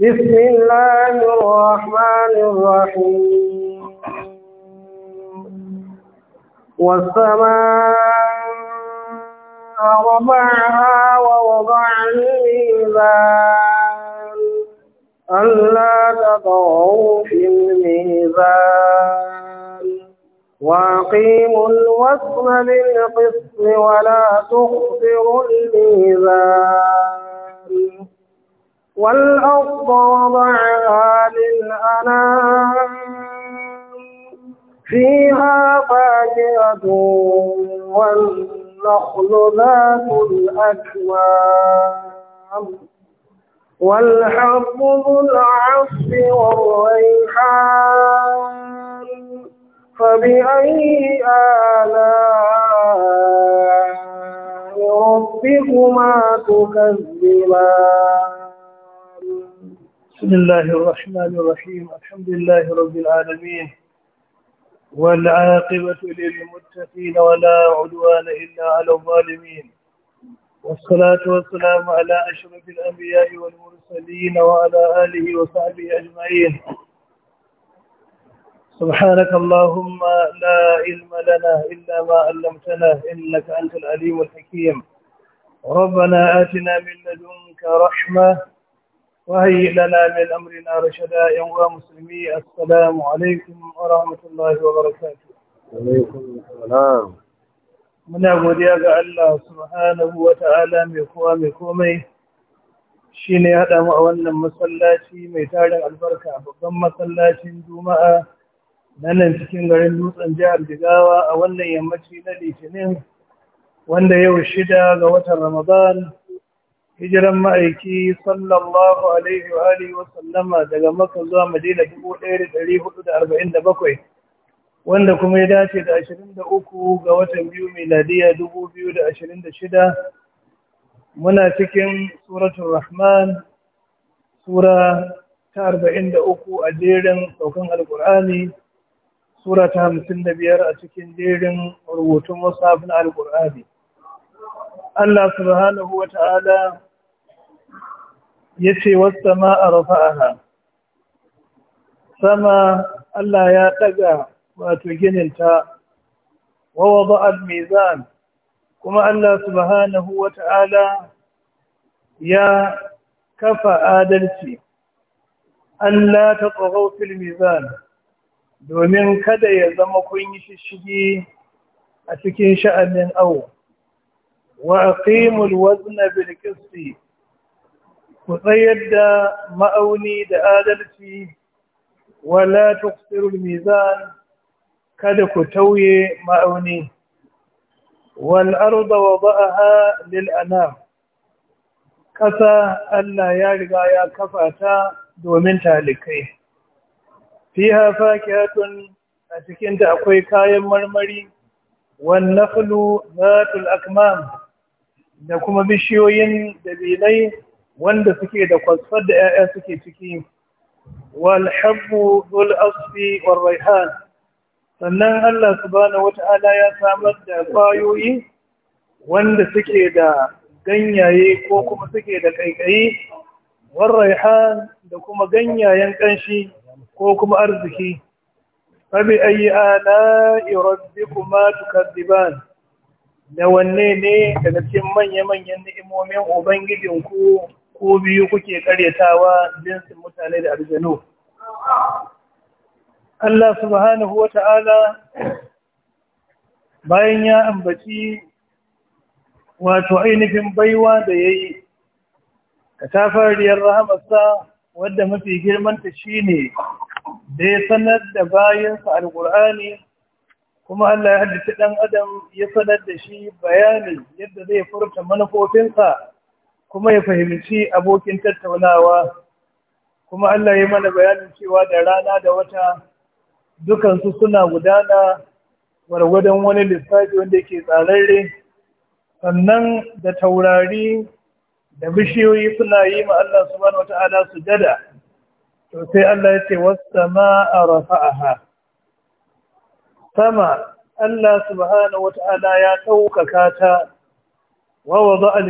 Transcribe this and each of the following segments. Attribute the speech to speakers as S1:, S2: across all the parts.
S1: بسم الله الرحمن الرحيم والسماء رفعها ووضع الميزان ألا تطغوا في الميزان وأقيموا الوزن بالقسط ولا تخسروا الميزان والأرض وضعها للأنام فيها فاكهة والنخل ذات الأكوام والحب ذو العصف والريحان فبأي آلاء ربكما
S2: تكذبان بسم الله الرحمن الرحيم الحمد لله رب العالمين والعاقبة للمتقين ولا عدوان إلا على الظالمين والصلاة والسلام على أشرف الأنبياء والمرسلين وعلى آله وصحبه أجمعين سبحانك اللهم لا علم لنا إلا ما علمتنا إنك أنت العليم الحكيم ربنا آتنا من لدنك رحمة وهيئ لنا من أمرنا رشدا يا مسلمي السلام عليكم ورحمة الله وبركاته عليكم
S1: السلام muna godiya ga
S2: Allah subhanahu wa ta'ala mai kowa mai komai shi ne haɗa mu a wannan masallaci mai tarin albarka babban masallacin juma'a na nan cikin garin dutsen jihar jigawa a wannan yammaci na litinin wanda yau shida ga watan ramadan hijiran ma'aiki sallallahu alaihi wa alihi wa sallama daga Makka zuwa Madina 1447 wanda kuma ya dace da 23 ga watan biyu miladiya 2026 muna cikin suratul Rahman sura ta 43 a jerin saukan alkur'ani sura ta 55 a cikin jerin rubutun musafin alkur'ani Allah subhanahu wa ta'ala ya ce wasta a rafa'aha sama Allah ya ɗaga wato gininta wawa ba'ad mizan kuma Allah subhanahu wa ta'ala ya kafa adalci Allah ta tsoron fil mizan domin kada ya zama kun yi shishigi a cikin sha'anin awo wa aqimul wazna bil qisti ku tsayar da ma'auni da adalci wala tuqsirul mizan kada ku tauye ma'auni wal arda wada'aha lil anam kasa Allah ya riga ya kafa ta domin talikai fiha fakihatun a cikin ta akwai kayan marmari wan nakhlu zatul akmam da kuma bishiyoyin dabilai wanda suke da kwasfar da 'ya'ya suke ciki wal haɓu dhul asfi war raihan sannan Allah subhanahu wata'ala ya samar da kwayoyi wanda suke da ganyaye ko kuma suke da kaikayi war da kuma ganyayen kanshi ko kuma arziki sabi ayi ala'i rabbikuma tukadiban da wanne ne daga cikin manya-manyan ni'imomin ubangijinku ko biyu kuke karyatawa jinsin mutane da aljanu Allah subhanahu wa ta'ala bayan ya ambaci wato ainihin baiwa da ya yi ka tafariyar rahamarsa wadda mafi girmanta shi ne da ya sanar da bayansa al’ur'ani kuma Allah ya haddace ɗan adam ya sanar da shi bayanin yadda zai furta manufofinsa kuma ya fahimci abokin tattaunawa kuma Allah ya mana bayanin cewa da rana da wata dukansu suna gudana gwargwadon wani lissafi wanda yake tsararre sannan da taurari da bishiyoyi suna yi ma Allah subhanahu wata'ala jada to sai Allah ya ce was a rafa'aha sama Allah subhanahu wata'ala ya ɗaukaka ta wa wada'a al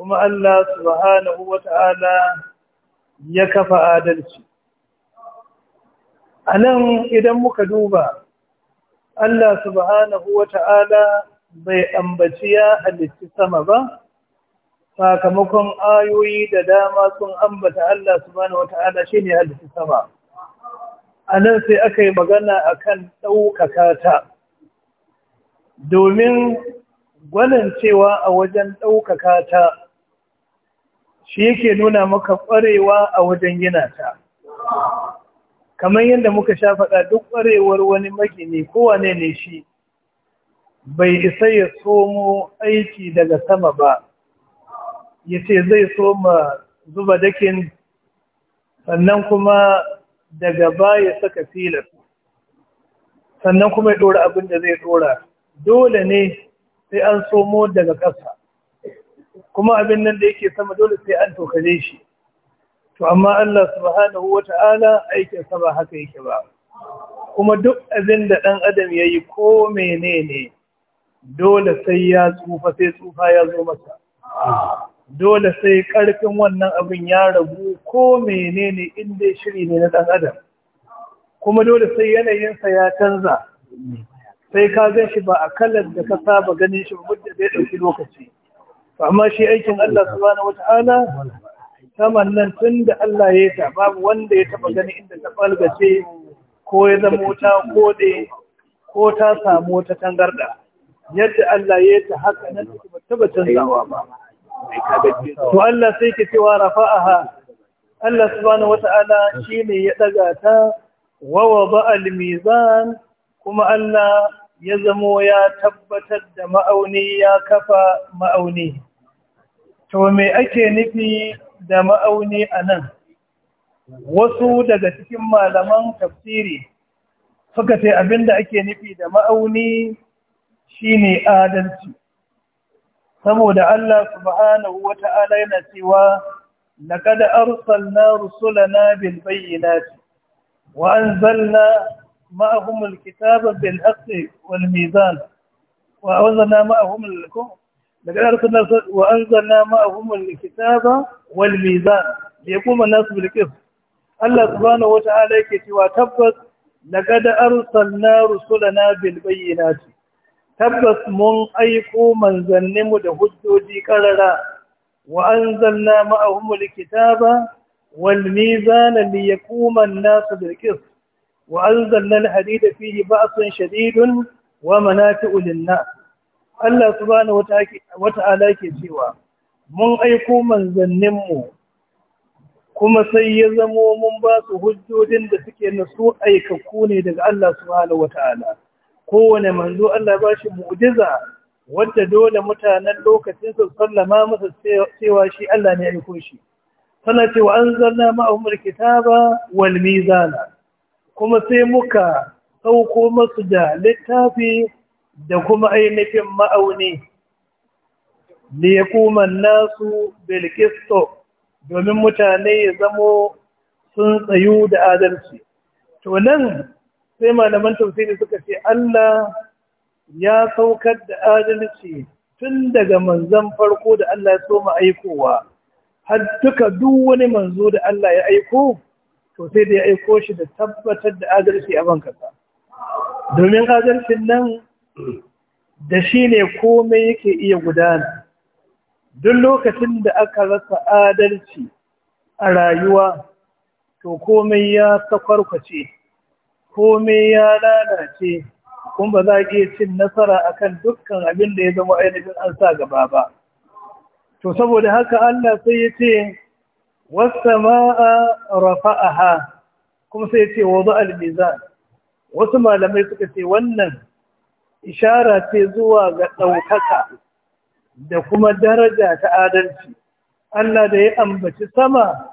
S2: kuma Allah subhanahu wata'ala ya kafa adalci a nan idan muka duba Allah subhanahu wata'ala bai ambaci ya halitti sama ba sakamakon ayoyi da dama sun ambata Allah subhanahu wata'ala shine halitti sama a nan sai aka yi magana a kan ɗaukaka ta domin gwanin cewa a wajen ɗaukaka ta shi yake nuna maka ƙwarewa a wajen gina ta kamar yadda muka sha faɗa duk ƙwarewar wani magini kowane ne shi bai isa ya somo aiki daga sama ba ya ce zai soma zuba dakin sannan kuma daga baya saka filar sannan kuma ya ɗora abin da zai ɗora dole ne sai an somo daga ƙasa kuma abin nan da yake sama dole sai an tokare shi to amma Allah subhanahu wata'ala aikin sa ba haka yake ba kuma duk abin da dan adam yayi ko menene dole sai ya tsufa sai tsufa ya zo masa dole sai karfin wannan abin ya ragu ko menene inda shiri ne na dan adam kuma dole sai yanayinsa ya canza sai ka gan shi ba a kalar da ka saba ganin shi muddin zai ɗauki lokaci amma shi aikin Allah subhanahu wata'ala saman nan tun da Allah ya ta babu wanda ya taba gani inda ta balgace ko ya zama wuta ko ko ta samu wata tangarda yadda Allah ya ta haka nan ba taba canzawa ba to Allah sai ke cewa rafa'aha Allah subhanahu wata'ala shine ya daga ta wa wada al-mizan kuma Allah ya zamo ya tabbatar da ma'auni ya kafa ma'auni to me ake nufi da ma'auni a nan wasu daga cikin malaman tafsiri suka ce abinda ake nufi da ma'auni shine adalci saboda Allah subhanahu wata'ala yana cewa laqad arsalna rusulana bil bayyinati wa anzalna ma'ahum al-kitaba bil haqqi wal mizan wa anzalna ma'ahum al-kum daga arsalna wa anzalna ma'ahum al-kitaba walmiza, da ya kuma nasu bil qist Allah subhanahu wata'ala yake cewa tabbas Daga na laqad na rusulana na ce. tabbas mun aiko mu da hujjoji karara wa anzalna ma'ahum al-kitaba wal da ya kuma nasu bil qist wa anzalna al-hadida fihi ba'sun shadidun wa manafi'u lin-nas Allah subhanahu wata'ala ke cewa mun aiko manzanninmu kuma sai ya zamo mun ba su hujjojin da suke na su aikaku ne daga Allah subhanahu wata'ala kowane manzo Allah ba shi mu'jiza wadda dole mutanen lokacin su sallama masa cewa shi Allah ne ya aiko shi sana wa anzalna ma'ahum alkitaba wal mizana kuma sai muka sauko masu da littafi da kuma ainihin ma'auni kuma nasu belkisto domin mutane ya zamo sun tsayu da adalci to nan sai malaman tausiri suka ce Allah ya saukar da adalci tun daga manzan farko da Allah ya soma aikowa har duka duk wani manzo da Allah ya aiko to sai da ya aiko shi da tabbatar da adalci a bankasa domin adalcin nan da shi ne komai yake iya gudana duk lokacin da aka rasa adalci a rayuwa to komai ya sakwarkwace komai ya lalace kuma ba za a iya cin nasara akan dukkan abin da ya zama ainihin an sa gaba ba to saboda haka Allah sai ya ce wasa ma'a rafa'aha kuma sai ya ce wa ba'al wasu malamai suka ce wannan ishara ce zuwa ga ɗaukaka da kuma daraja ta adalci Allah da ya ambaci sama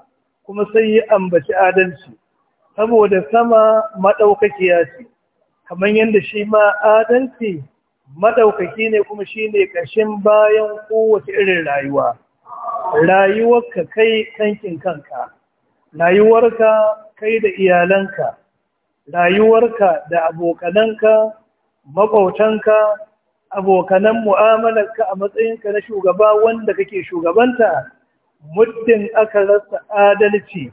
S2: kuma sai ya ambaci adalci saboda sama maɗaukakiya ce kamar yadda shi ma adalci maɗaukaki ne kuma shi ne ƙashin bayan kowace irin rayuwa rayuwarka kai ɗankin kanka rayuwarka kai da iyalanka rayuwarka da abokananka mabautanka abokanan mu'amalarka a matsayinka na shugaba wanda kake shugabanta muddin aka rasa adalci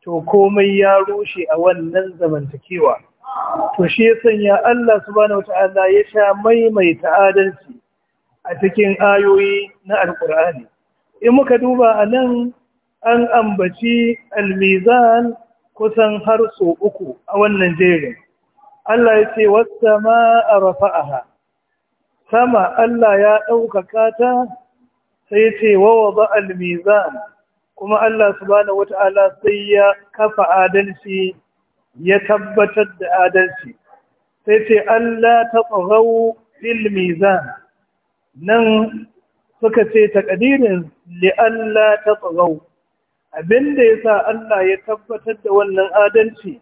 S2: to komai ya rushe a wannan zamantakewa to shi ya sanya Allah subhanahu wata'ala ya sha maimaita adalci a cikin ayoyi na alkur'ani in muka duba a nan an ambaci almizan kusan har sau uku a wannan jerin Allah ya ce wasta a rafa'aha sama Allah ya ɗaukaka ta sai ce wawa ba almizan kuma Allah wata wata'ala sai ya kafa adalci ya tabbatar da adalci sai ce Allah ta tsarau nan suka ce takadirin li Allah ta tsarau abinda yasa Allah ya tabbatar da wannan adalci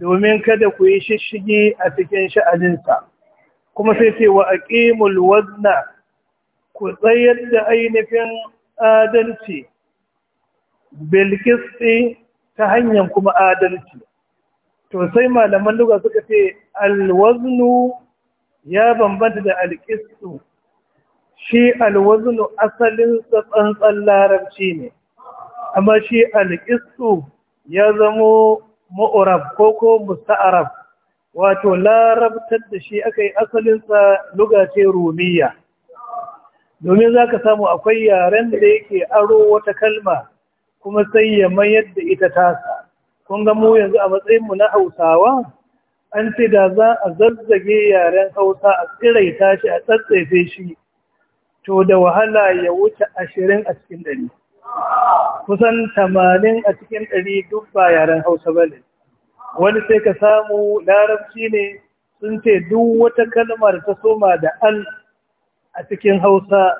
S2: domin kada ku yi shishigi a cikin sha'aninsa kuma sai ce wa aƙimul wazna ku tsayar da ainihin adalci belkisti ta hanyar kuma adalci to sai malaman duka suka ce alwaznu ya bambanta da Alkistu. shi alwaznu asalin tsantsan larabci ne amma shi Alkistu ya zamo mu'rab ko ko musta'arab wato larabtar da shi aka yi asalinsa lugace rumiya domin za ka samu akwai yaren da yake aro wata kalma kuma sai ya mayar da ita tasa kun ga mu yanzu a matsayinmu na hausawa an ce da za a zazzage yaren hausa a tsiraita shi a tsatsaife shi to da wahala ya wuce ashirin a cikin dare. kusan tamanin a cikin ɗari duk ba yaren hausa ba ne wani sai ka samu larabci ne sun ce duk wata kalmar ta soma da al a cikin hausa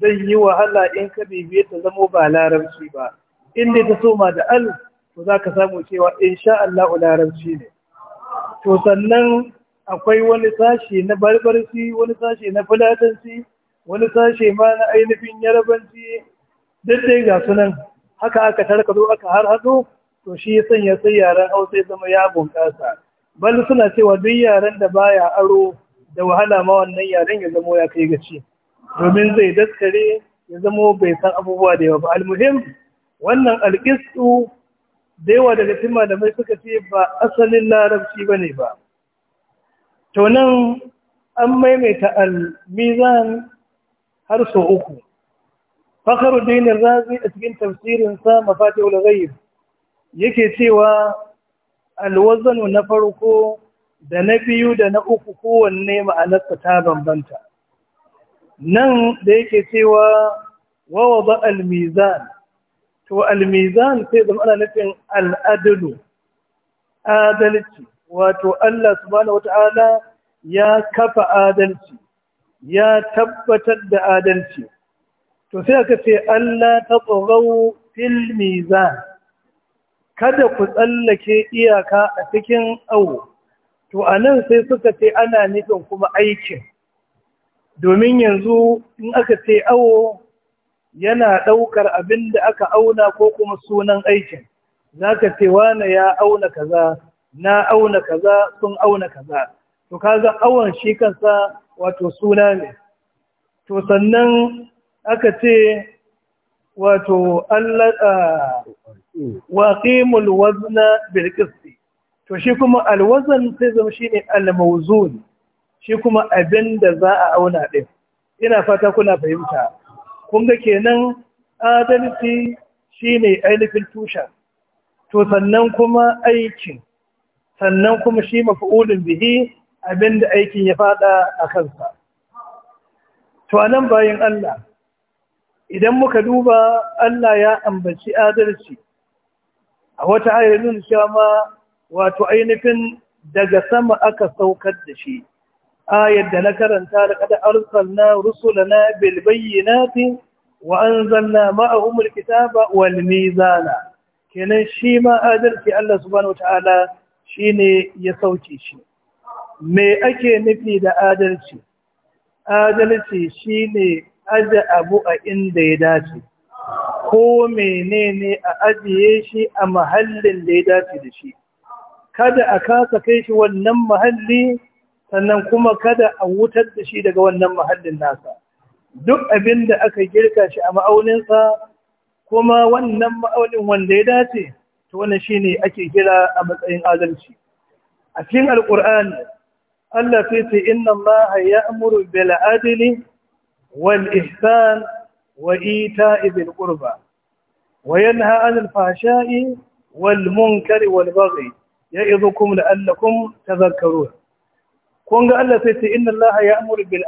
S2: zai yi wahala in ka bibiye ta zamo ba larabci ba inda ta soma da al to za ka samu cewa insha Allah larabci ne to sannan akwai wani sashi na barbarci wani sashi na fulatanci wani sashi ma na ainihin yarabanci duk dai ga sunan haka aka tarkado aka har hado to shi ya sanya sai yaren hausa ya zama ya bunƙasa bal suna cewa duk yaren da baya aro da wahala ma wannan yaren ya zama ya kai gaci domin zai daskare ya zama bai san abubuwa da yawa ba almuhim wannan alƙistu da yawa daga cikin malamai suka ce ba asalin larabci ba ne ba to nan an maimaita almizan har sau uku fakhruddin razi a cikin tafsirin sa mafatihul ghaib yake cewa alwazanu na farko da na biyu da na uku kowanne ma'anarsa ta bambanta nan da yake cewa wawa ba almizan to almizan sai da ana nufin al'adalu adalci wato Allah subhanahu wata'ala ya kafa adalci ya tabbatar da adalci to sai aka ce Allah ta tsorau fil mizan kada ku tsallake iyaka a cikin awo to a nan sai suka ce ana nufin kuma aikin domin yanzu in aka ce awo yana ɗaukar abin da aka auna ko kuma sunan aikin za ka ce wane ya auna kaza na auna kaza sun auna kaza to kaga awon shi kansa wato suna ne to sannan aka ce wato waƙimul wazna bilkisti to shi kuma alwazan sai zama shi ne almauzun shi kuma abin da za a auna ɗin ina fata kuna fahimta kunga kenan adalci shi ne ainihin tushen to sannan kuma aikin sannan kuma shi mafi'ulin bihi abin da aikin ya fada a kansa to anan bayan Allah idan muka duba Allah ya ambaci adalci a wata ayarin cewa ma wato ainihin daga sama aka saukar da shi ayar da na karanta da kada arsalna rusulana bil bayyinati wa anzalna ma'ahum al kitaba wal mizana kenan shi ma adalci Allah subhanahu wataala shine ya sauke shi me ake nufi da adalci adalci shine aje abu a inda ya dace ko menene a ajiye shi a mahallin da ya dace da shi kada a kasa kai shi wannan mahalli sannan kuma kada a wutar da shi daga wannan mahallin nasa duk abin da aka girka shi a ma'auninsa kuma wannan ma'aunin wanda ya dace ta wannan shine ake kira a matsayin adalci a cikin Alƙur'ani, Allah sai ce inna Allah ya'muru bil adili والإحسان وإيتاء ذي القربى وينهى عن الفحشاء والمنكر والبغي يعظكم لعلكم تذكرون kun ga Allah sai ce inna Allah ya amuru bil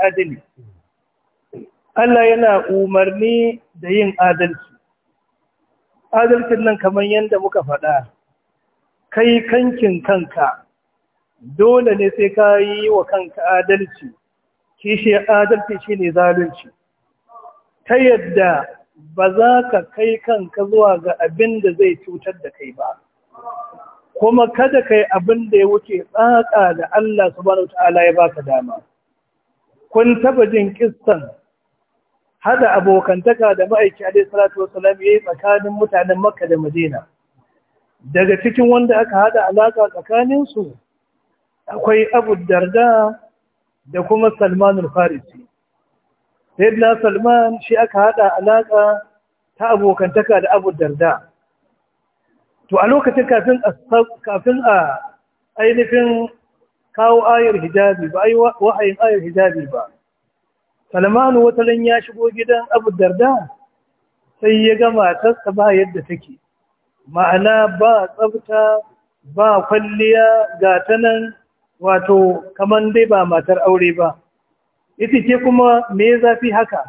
S2: Allah yana umarni da yin adalci adalcin nan kamar yadda muka faɗa kai kankin kanka dole ne sai ka yi wa kanka adalci Kishiyar adalci shi ne zalunci ta yadda ba za ka kai kanka zuwa ga abin da zai cutar da kai ba kuma kada kai abin da ya wuce tsaka da Allah subhanahu wataala ya baka dama kun taba jin kissan hada abokantaka da ma'aiki alaihi salatu wasalam yayi tsakanin mutanen Makka da Madina daga cikin wanda aka hada alaka tsakaninsu? akwai Abu Darda da kuma salmanul farisi sayyidina salman shi aka hada alaka ta abokantaka da abu darda to a lokacin kafin kafin a ainihin kawo ayar hijabi ba ai wahayin ayar hijabi ba salman lan ya shigo gidan abu darda sai ya ga matarsa ba yadda take ma'ana ba tsafta ba kwalliya ga ta nan wato kaman dai ba matar aure ba yace ke kuma me zafi haka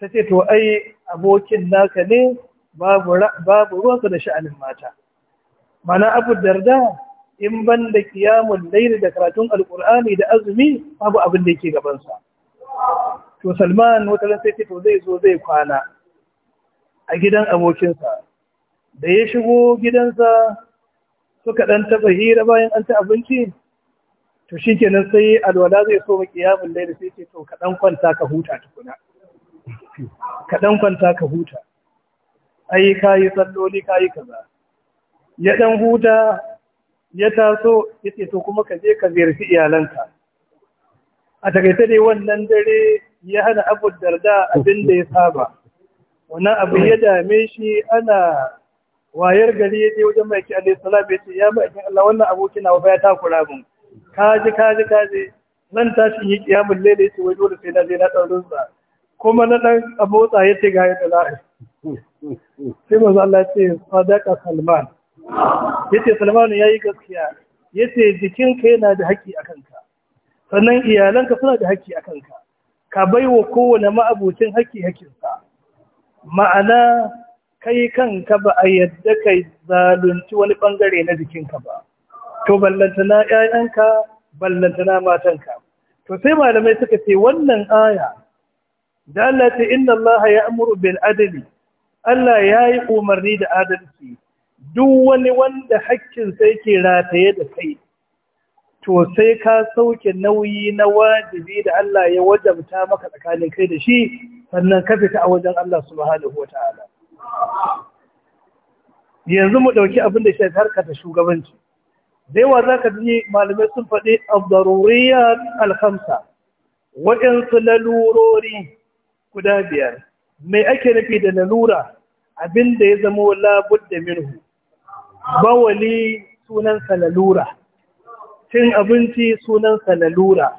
S2: tace to ai abokin naka ne babu babu ruwanka da sha'anin mata mana abu darda in ban da kiyamun laili da karatun alkur'ani da azumi babu abin da yake gabansa to salman wata sai ce to zai zo zai kwana a gidan abokinsa da ya shigo gidansa suka ɗan taɓa hira bayan an ci abinci to shi kenan sai alwala zai so ma kiyamun laili sai ce to kaɗan kwanta ka huta tukuna kaɗan kwanta ka huta ai ka yi salloli ka yi kaza ya ɗan huta ya taso ya ce to kuma ka je ka ziyarci iyalanka a takaita dai wannan dare ya hana abu darda abin da ya saba wannan abu ya dame shi ana wayar gari ya je wajen maiki alaihi salam ya ce ya maikin Allah wannan abokina wa ya takura mun kaji kaji kaji nan tashin yi kiyamun lele ce wai da sai na je na dan rutsa kuma na dan abotsa ce ga yadda da la'ai sai manzo Allah ya ce sadaka Salman yace Salman yi gaskiya yace jikinka yana da haƙƙi akan ka sannan iyalanka suna da haƙƙi akan ka ka baiwa kowane ma'abucin haƙƙi haƙƙinsa ma'ana kai kanka ba a yadda kai zalunci wani bangare na jikinka ba to ballantana ƴaƴanka ballantana matanka to sai malamai suka ce wannan aya da Allah ta inna Allah ya'muru bil adli Allah yayi umarni da adalci duk wani wanda hakkin sa yake rataye da kai to sai ka sauke nauyi na wajibi da Allah ya wajabta maka tsakanin kai da shi sannan ka fita a wajen Allah subhanahu wataala yanzu mu ɗauki abin da shi harka ta shugabanci da yawa za ka ji malamai sun faɗi abdaruriyar alhamsa waɗansu lalurori guda biyar mai ake nufi da lalura abin da ya zama labud da minhu bawali sunansa lalura cin abinci sunansa lalura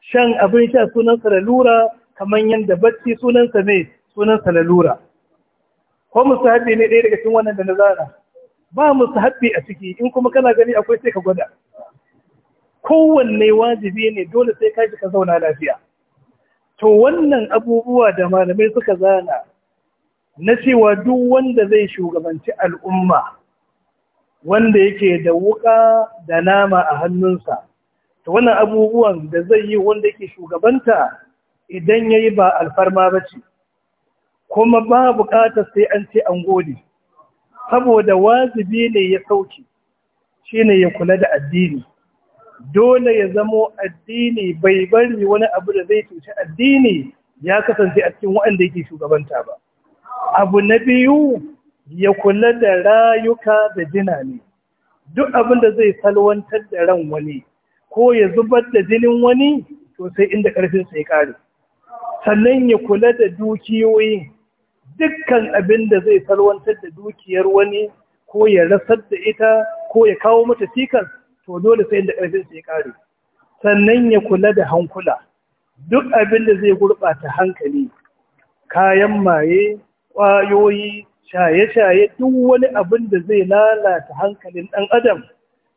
S2: shan abin sha sunansa lalura kamar yadda bacci sunansa ne sunansa lalura ko musahabi ne ɗaya daga cikin wannan da na zara ba musu haɗe a ciki in kuma kana gani akwai sai ka gwada kowanne wajibi ne dole sai ka ka zauna lafiya to wannan abubuwa da malamai suka zana na cewa duk wanda zai shugabanci al'umma wanda yake da wuka da nama a hannunsa to wannan abubuwan da zai yi wanda yake shugabanta idan ya yi ba alfarma ba ce kuma ba bukatar sai an ce an gode saboda wajibi ne ya sauke ne ya kula da addini dole ya zamo addini bai bari wani abu da zai cuci addini ya kasance a cikin waɗanda yake shugabanta ba abu na biyu ya kula da rayuka da jina ne. duk abin da zai salwantar da ran wani ko ya zubar da jinin wani sosai inda ƙarfinsa ya ƙare sannan ya kula da dukiyoyin. dukkan abin da zai salwantar da dukiyar wani ko ya rasar da ita ko ya kawo mata cikas to dole sai da ƙarfin sai ƙare. sannan ya kula da hankula duk abin da zai gurɓata hankali kayan maye ƙwayoyi shaye-shaye duk wani abin da zai lalata hankalin ɗan adam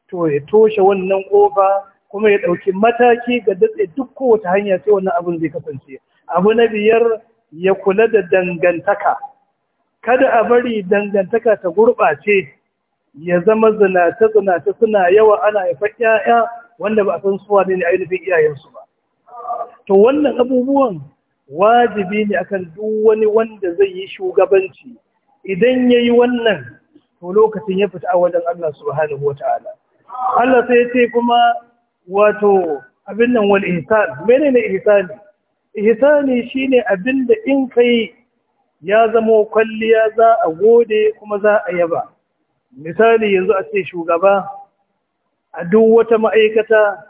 S2: to ya toshe wannan ƙofa kuma ya ɗauki mataki ga datse duk kowace hanya sai wannan abin zai kasance abu na biyar ya kula da dangantaka kada a bari dangantaka ta gurɓace ya zama zinace-zinace suna yawa ana haifar 'ya'ya wanda ba a san suwa ne a ainihin iyayensu ba to wannan abubuwan wajibi ne akan duk wani wanda zai yi shugabanci idan ya yi wannan to lokacin ya fita a wajen Allah subhanahu Allah sai ce kuma wato abin nan wani ihsan menene ihsani ihsani shine abinda in kai ya zamo kwalliya za a gode kuma za a yaba misali yanzu a ce shugaba a duk wata ma'aikata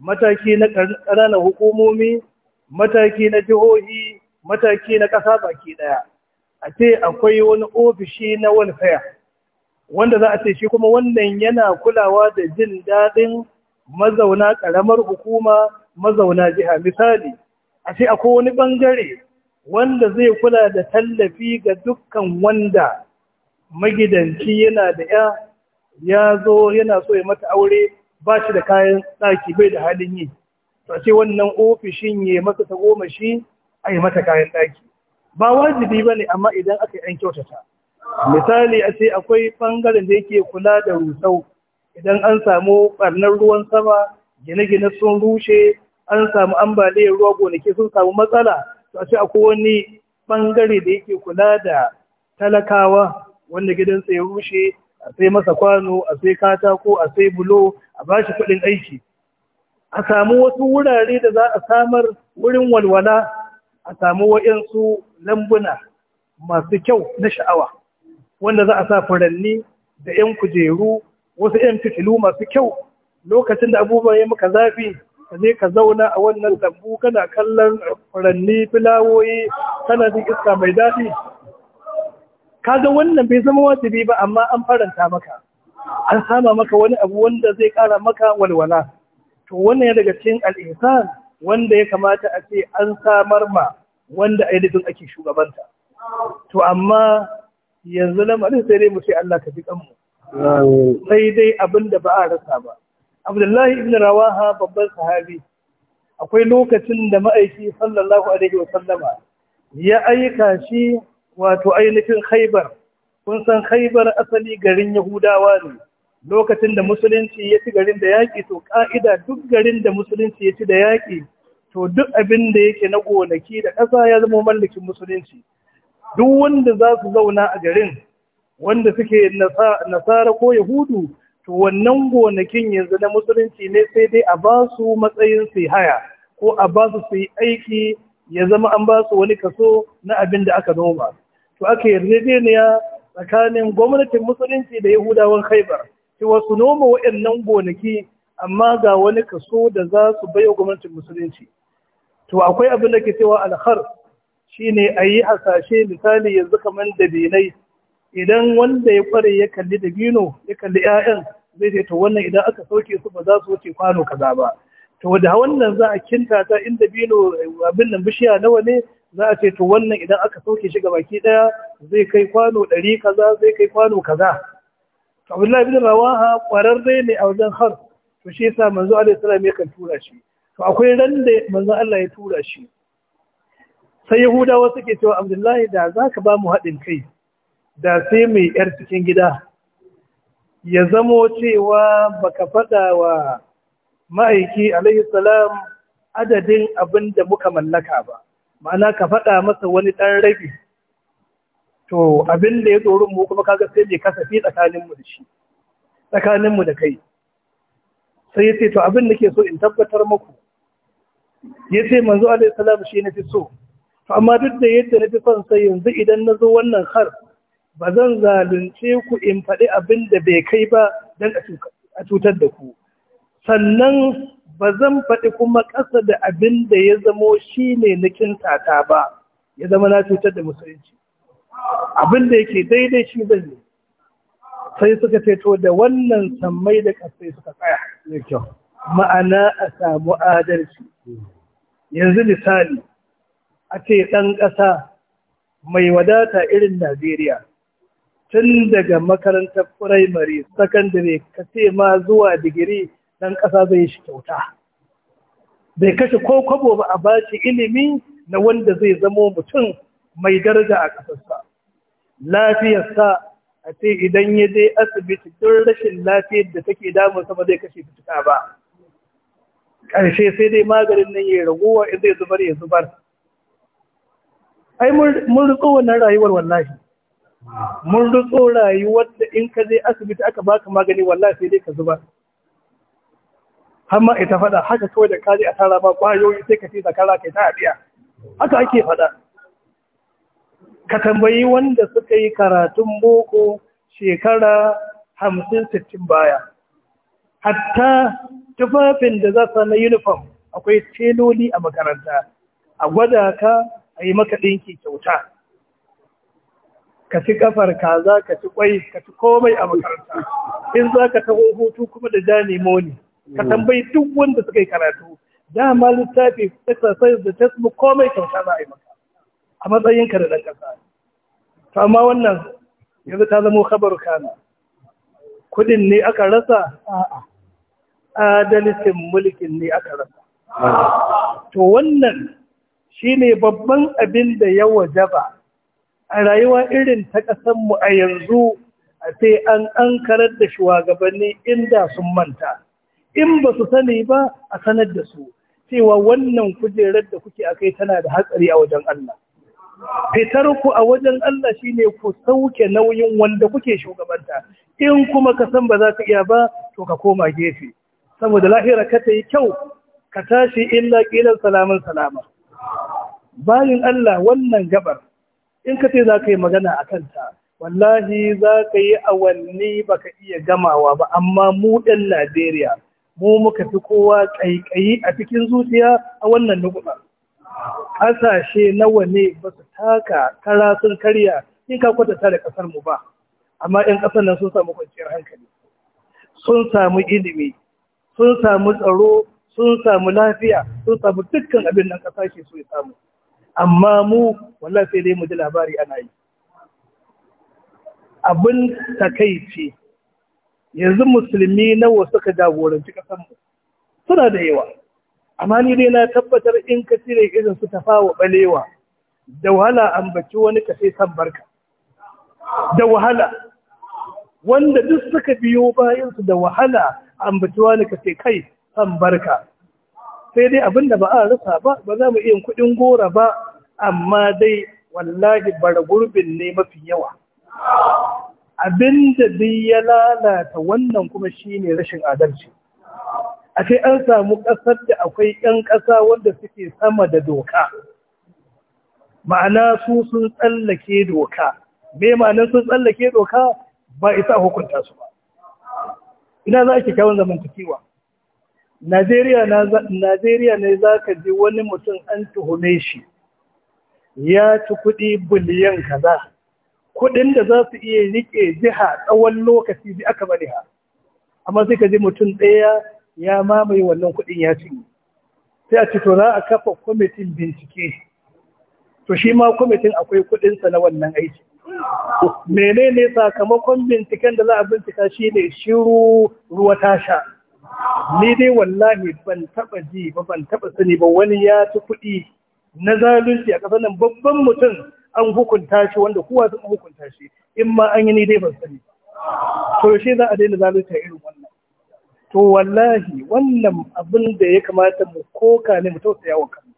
S2: mataki na ƙananan hukumomi mataki na jihohi mataki na ƙasa baki ɗaya a ce akwai wani ofishi na welfare wanda za a ce shi kuma wannan yana kulawa da jin daɗin mazauna ƙaramar hukuma mazauna jiha misali a ce akwai wani bangare wanda zai kula da tallafi ga dukkan wanda magidanci yana da ya ya zo yana so ya mata aure ba shi da kayan ɗaki bai da halin yi to ce wannan ofishin ya masa ta goma shi a yi mata kayan ɗaki ba wajibi ba ne amma idan aka yi an kyautata misali a ce akwai ɓangaren da yake kula da rusau idan an samu ɓarnar ruwan sama gine-gine sun rushe an samu ambaliyar ruwa gonaki sun samu matsala to a ce akwai wani bangare da yake kula da talakawa wanda gidan ya rushe a sai masa kwano a sai katako a sai bulo a bashi kuɗin aiki a samu wasu wurare da za a samar wurin walwala a samu wa'yansu lambuna masu kyau na sha'awa wanda za a sa furanni da 'yan kujeru wasu 'yan fitilu masu kyau lokacin da abubuwa ya muka zafi ka je ka zauna a wannan lambu kana kallon furanni filawoyi kana jin iska mai daɗi kaga wannan bai zama wajibi ba amma an faranta maka an sama maka wani abu wanda zai ƙara maka walwala to wannan ya daga cikin al'insan wanda ya kamata a ce an samar ma wanda ainihin ake shugabanta to amma yanzu lamarin sai dai mu ce Allah ka ji kanmu sai dai abin da ba a rasa ba abdullahi ibn rawaha babban sahabi akwai lokacin da ma'aiki sallallahu alaihi wa sallama ya aika shi wato ainihin khaibar kun san khaibar asali garin yahudawa ne lokacin da musulunci ya ci garin da yaƙi to ƙa'ida duk garin da musulunci ya ci da yaƙi to duk abin da yake na gonaki da ƙasa ya zama mallakin musulunci duk wanda za su zauna a garin wanda suke nasara ko yahudu to wannan gonakin yanzu na musulunci ne sai dai a ba su matsayin su haya ko a ba su su yi aiki ya zama an ba su wani kaso na abin da aka noma to aka yarjejeniya tsakanin gwamnatin musulunci da yahudawan haibar cewa su noma waɗannan gonaki amma ga wani kaso da za su baiwa gwamnatin musulunci to akwai abin da ke cewa alhar shine a yi hasashe misali yanzu kamar dabinai idan wanda ya kware ya kalli dabino ya kalli 'ya'yan zai ce to wannan idan aka sauke su ba za su wuce kwano kaza ba to da wannan za a kinta ta inda bino abin nan bishiya nawa ne za a ce to wannan idan aka sauke shi ga baki daya zai kai kwano ɗari kaza zai kai kwano kaza Abdullahi bin Rawaha kwararre ne a wajen har to shi yasa manzo Allah sallallahu ya kan tura shi to akwai ran da manzo Allah ya tura shi sai Yahudawa suke cewa Abdullahi da zaka ba mu haɗin kai da sai mai yar cikin gida ya zamo cewa baka faɗa wa ma'aiki alaihi adadin abin da muka mallaka ba ma'ana ka faɗa masa wani ɗan rabi to abin da ya tsoron mu kuma kaga sai mai kasafi tsakaninmu da shi tsakaninmu da kai sai ya ce to abin da ke so in tabbatar maku? ya ce manzo alaihi shi na fi so to amma duk da yadda na fi son sai yanzu idan na zo wannan har ba zan zalunce ku in faɗi abin da bai kai ba don a cutar da ku sannan ba zan faɗi kuma ƙasa da abin da ya zamo shi ne na kintata ba ya zama na cutar da musulunci abin da yake daidai shi zan yi sai suka ceto da wannan sammai da ƙasai suka tsaya ma'ana a samu adalci yanzu misali a ce ɗan ƙasa mai wadata irin najeriya tun daga makarantar firamare sakandare ka ce ma zuwa digiri dan ƙasa zai shi kyauta bai kashe ko kwabo ba a baci ilimi na wanda zai zamo mutum mai daraja a ƙasarsa lafiyarsa a ce idan ya je asibiti don rashin lafiyar da take damun sama zai kashe fituka ba ƙarshe sai dai maganin nan ya raguwa in zai zubar ya zubar ai mun riƙo wannan rayuwar wallahi mun rutso rayuwar da in ka je asibiti aka baka magani wallahi sai dai ka zuba har ma ita faɗa haka kawai da kaji a tara ba ƙwayoyi sai ka ce zakara kai ta haɗiya haka ake faɗa ka tambayi wanda suka yi karatun boko shekara hamsin sittin baya hatta tufafin da za su na uniform akwai teloli a makaranta a gwada ka a yi maka ɗinki kyauta ka ci kafar kaza ka ci kwai ka ci komai a makaranta in za ka taho hutu kuma da jani moni ka tambayi duk wanda suka yi karatu dama littafi exercise da textbook komai kyauta za a yi maka a matsayinka da ɗan ƙasa to amma wannan yanzu ta zama kabar kana kudin ne aka rasa a'a adalcin mulkin ne aka rasa to wannan shine babban abin da ya wajaba a rayuwa irin ta ƙasanmu a yanzu sai an ankarar da shugabanni inda sun manta in ba su sani ba a sanar da su cewa wannan kujerar da kuke a kai tana da hatsari a wajen Allah fitar ku a wajen Allah shine ku sauke nauyin wanda kuke shugabanta in kuma ka san ba za ka iya ba to ka koma gefe saboda lahira ka ta yi kyau ka tashi illa ƙilan salamun salama bayin Allah wannan gabar in ka ce za ka yi magana a kanta wallahi za ka yi awanni ba ka iya gamawa ba amma mu ɗan najeriya mu muka fi kowa ƙaiƙayi a cikin zuciya a wannan nukuɗa ƙasashe nawa ne ba su taka kara sun karya in ka kwatanta da ƙasar mu ba amma 'yan ƙasar nan sun samu kwanciyar hankali sun samu ilimi sun samu tsaro sun samu lafiya sun samu dukkan abin nan ƙasa ke so ya samu amma mu wallah sai dai mu ji labari ana yi abin takaici yanzu musulmi nawa suka jagoranci kasanmu suna da yawa amma ni dai na tabbatar in ka cire irin su tafa wa balewa da wahala ambaci wani kashe san barka da wahala wanda duk suka biyo bayansu da wahala ambaci wani kashe kai san barka sai dai abin da ba a rasa ba ba za mu iya kuɗin gora ba amma dai wallahi bara gurbin ne mafi yawa abin da duk ya lalata wannan kuma shine rashin adalci a sai an samu ƙasar da akwai 'yan ƙasa wanda suke sama da doka ma'ana su sun tsallake doka me ma'anar sun tsallake doka ba isa hukunta su ba ina za a kyakkyawan zamantakewa Najeriya ne za ka ji wani mutum an tuhume shi ya ci kuɗi biliyan kaza kuɗin da za su iya riƙe jiha tsawon lokaci bi aka bari ha amma sai ka ji mutum ɗaya ya mamaye wannan kuɗin ya cinye sai a ci to za a kafa kwamitin bincike to shi ma kwamitin akwai kuɗinsa na wannan aiki menene sakamakon binciken da za a bincika shi ne shiru ruwa ta sha? ni dai wallahi ban taba ji ba ban taba sani ba wani ya ci kuɗi na zalunci a ƙasar nan babban mutum an hukunta shi wanda kowa sun hukunta shi in ma an yi ni dai ban sani to shi za a daina zalunta irin wannan to wallahi wannan abin da ya kamata mu koka ne mu tausaya wa kanmu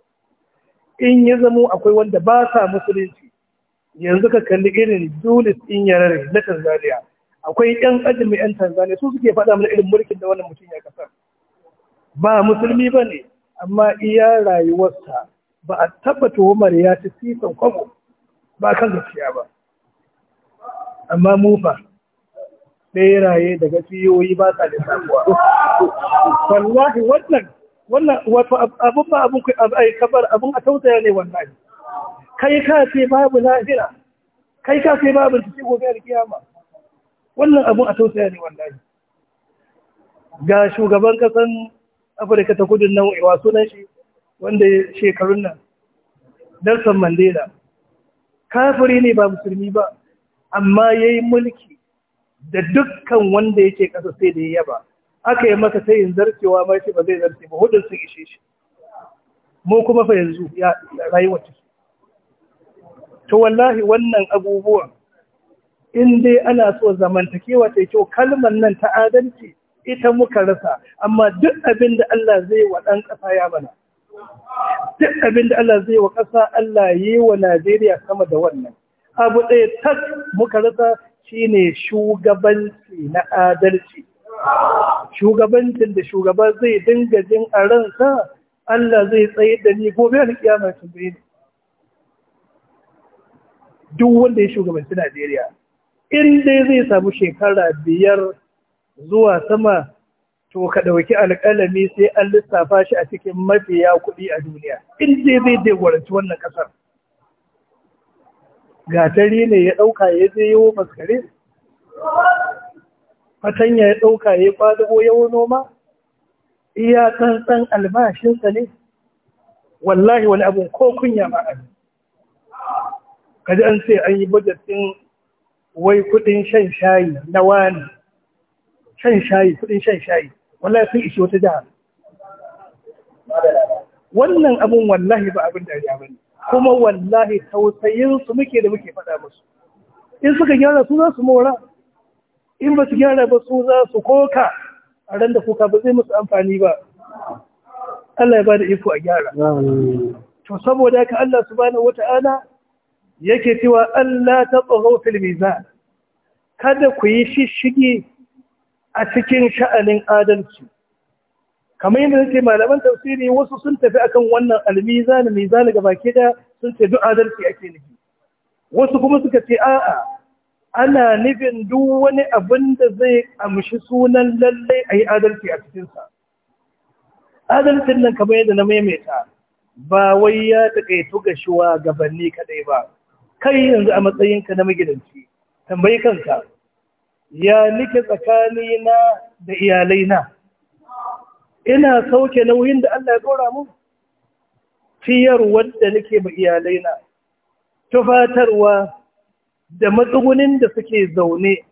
S2: in ya zamo akwai wanda ba sa musulunci yanzu ka kalli irin Julius in yarare na Tanzania akwai yan ajami yan tanzania su suke faɗa mana irin mulkin da wannan mutum ya kasar ba musulmi ba ne amma iya rayuwarsa ba a tabbata umar ya ci sisan kwabo ba kan gaskiya ba amma mufa raye daga ciyoyi ba sa da samuwa wallahi wannan wannan wato abun ba abun ku ai kabar abun a tausaya ne wallahi kai ka ce babu lahira kai ka ce babu cikin gobe alkiyama wannan abun a tausaya ne wallahi ga shugaban kasan afirka ta kudin nan wa sunan shi wanda shekarun nan Nelson Mandela kafiri ne ba musulmi ba amma ya yi mulki da dukkan wanda yake kasa sai da yaba aka yi masa sai yin zarcewa ma shi ba zai zarce ba hudun su ishe shi mu kuma fa yanzu ya rayuwa ta to wallahi wannan abubuwan in dai ana so zamantakewa ta kyau kalmar nan ta adalci ita muka rasa amma duk abin da Allah zai wa ɗan ƙasa ya bana, duk abin da Allah zai wa ƙasa Allah yi wa Najeriya sama da wannan abu ɗaya tak muka rasa shine shugabanci na adalci shugabancin da shugaba zai dinga jin a ransa Allah zai tsaye da ni gobe a kiyama tambaye duk wanda ya shugabanci Najeriya in zai samu shekara biyar zuwa sama to ka ɗauki alƙalami sai an lissafa shi a cikin mafiya kuɗi a duniya zai dai zai jagoranci wannan ƙasar gatari ne ya ɗauka ya je yawo maskare fatanya ya ɗauka ya ƙwadago yawon noma iya tsantsan albashinsa ne wallahi wani abin ko kunya ma ka ji an ce an yi budget ɗin wai kudin shan shayi na wani shan shayi kudin shan shayi wallahi sun ishi wata jihar wannan abun wallahi ba abin da ya bane kuma wallahi tausayin su muke da muke faɗa musu in suka gyara su za su mora in ba su gyara ba su za su koka a ran da kuka ba zai musu amfani ba Allah ya bada iko a gyara to saboda haka Allah subhanahu wata'ala yake cewa Allah ta tsoro fil mizan kada ku yi shishigi a cikin sha'anin adalci kamar yadda suke malaman tausiri wasu sun tafi akan wannan mai zane ga ke da sun ce duk adalci ake nufi wasu kuma suka ce a'a ana nufin duk wani abin da zai amshi sunan lallai a yi adalci a cikinsa adalcin nan kamar yadda na maimaita ba wai ya taƙaitu ga shuwa gabanni kaɗai ba kai yanzu a matsayinka na magidanci tambayi kanka ya nike tsakanina da iyalai na ina sauke nauyin da Allah ya dora mu ciyarwar da nake ba na tufatarwa da matsugunin da suke zaune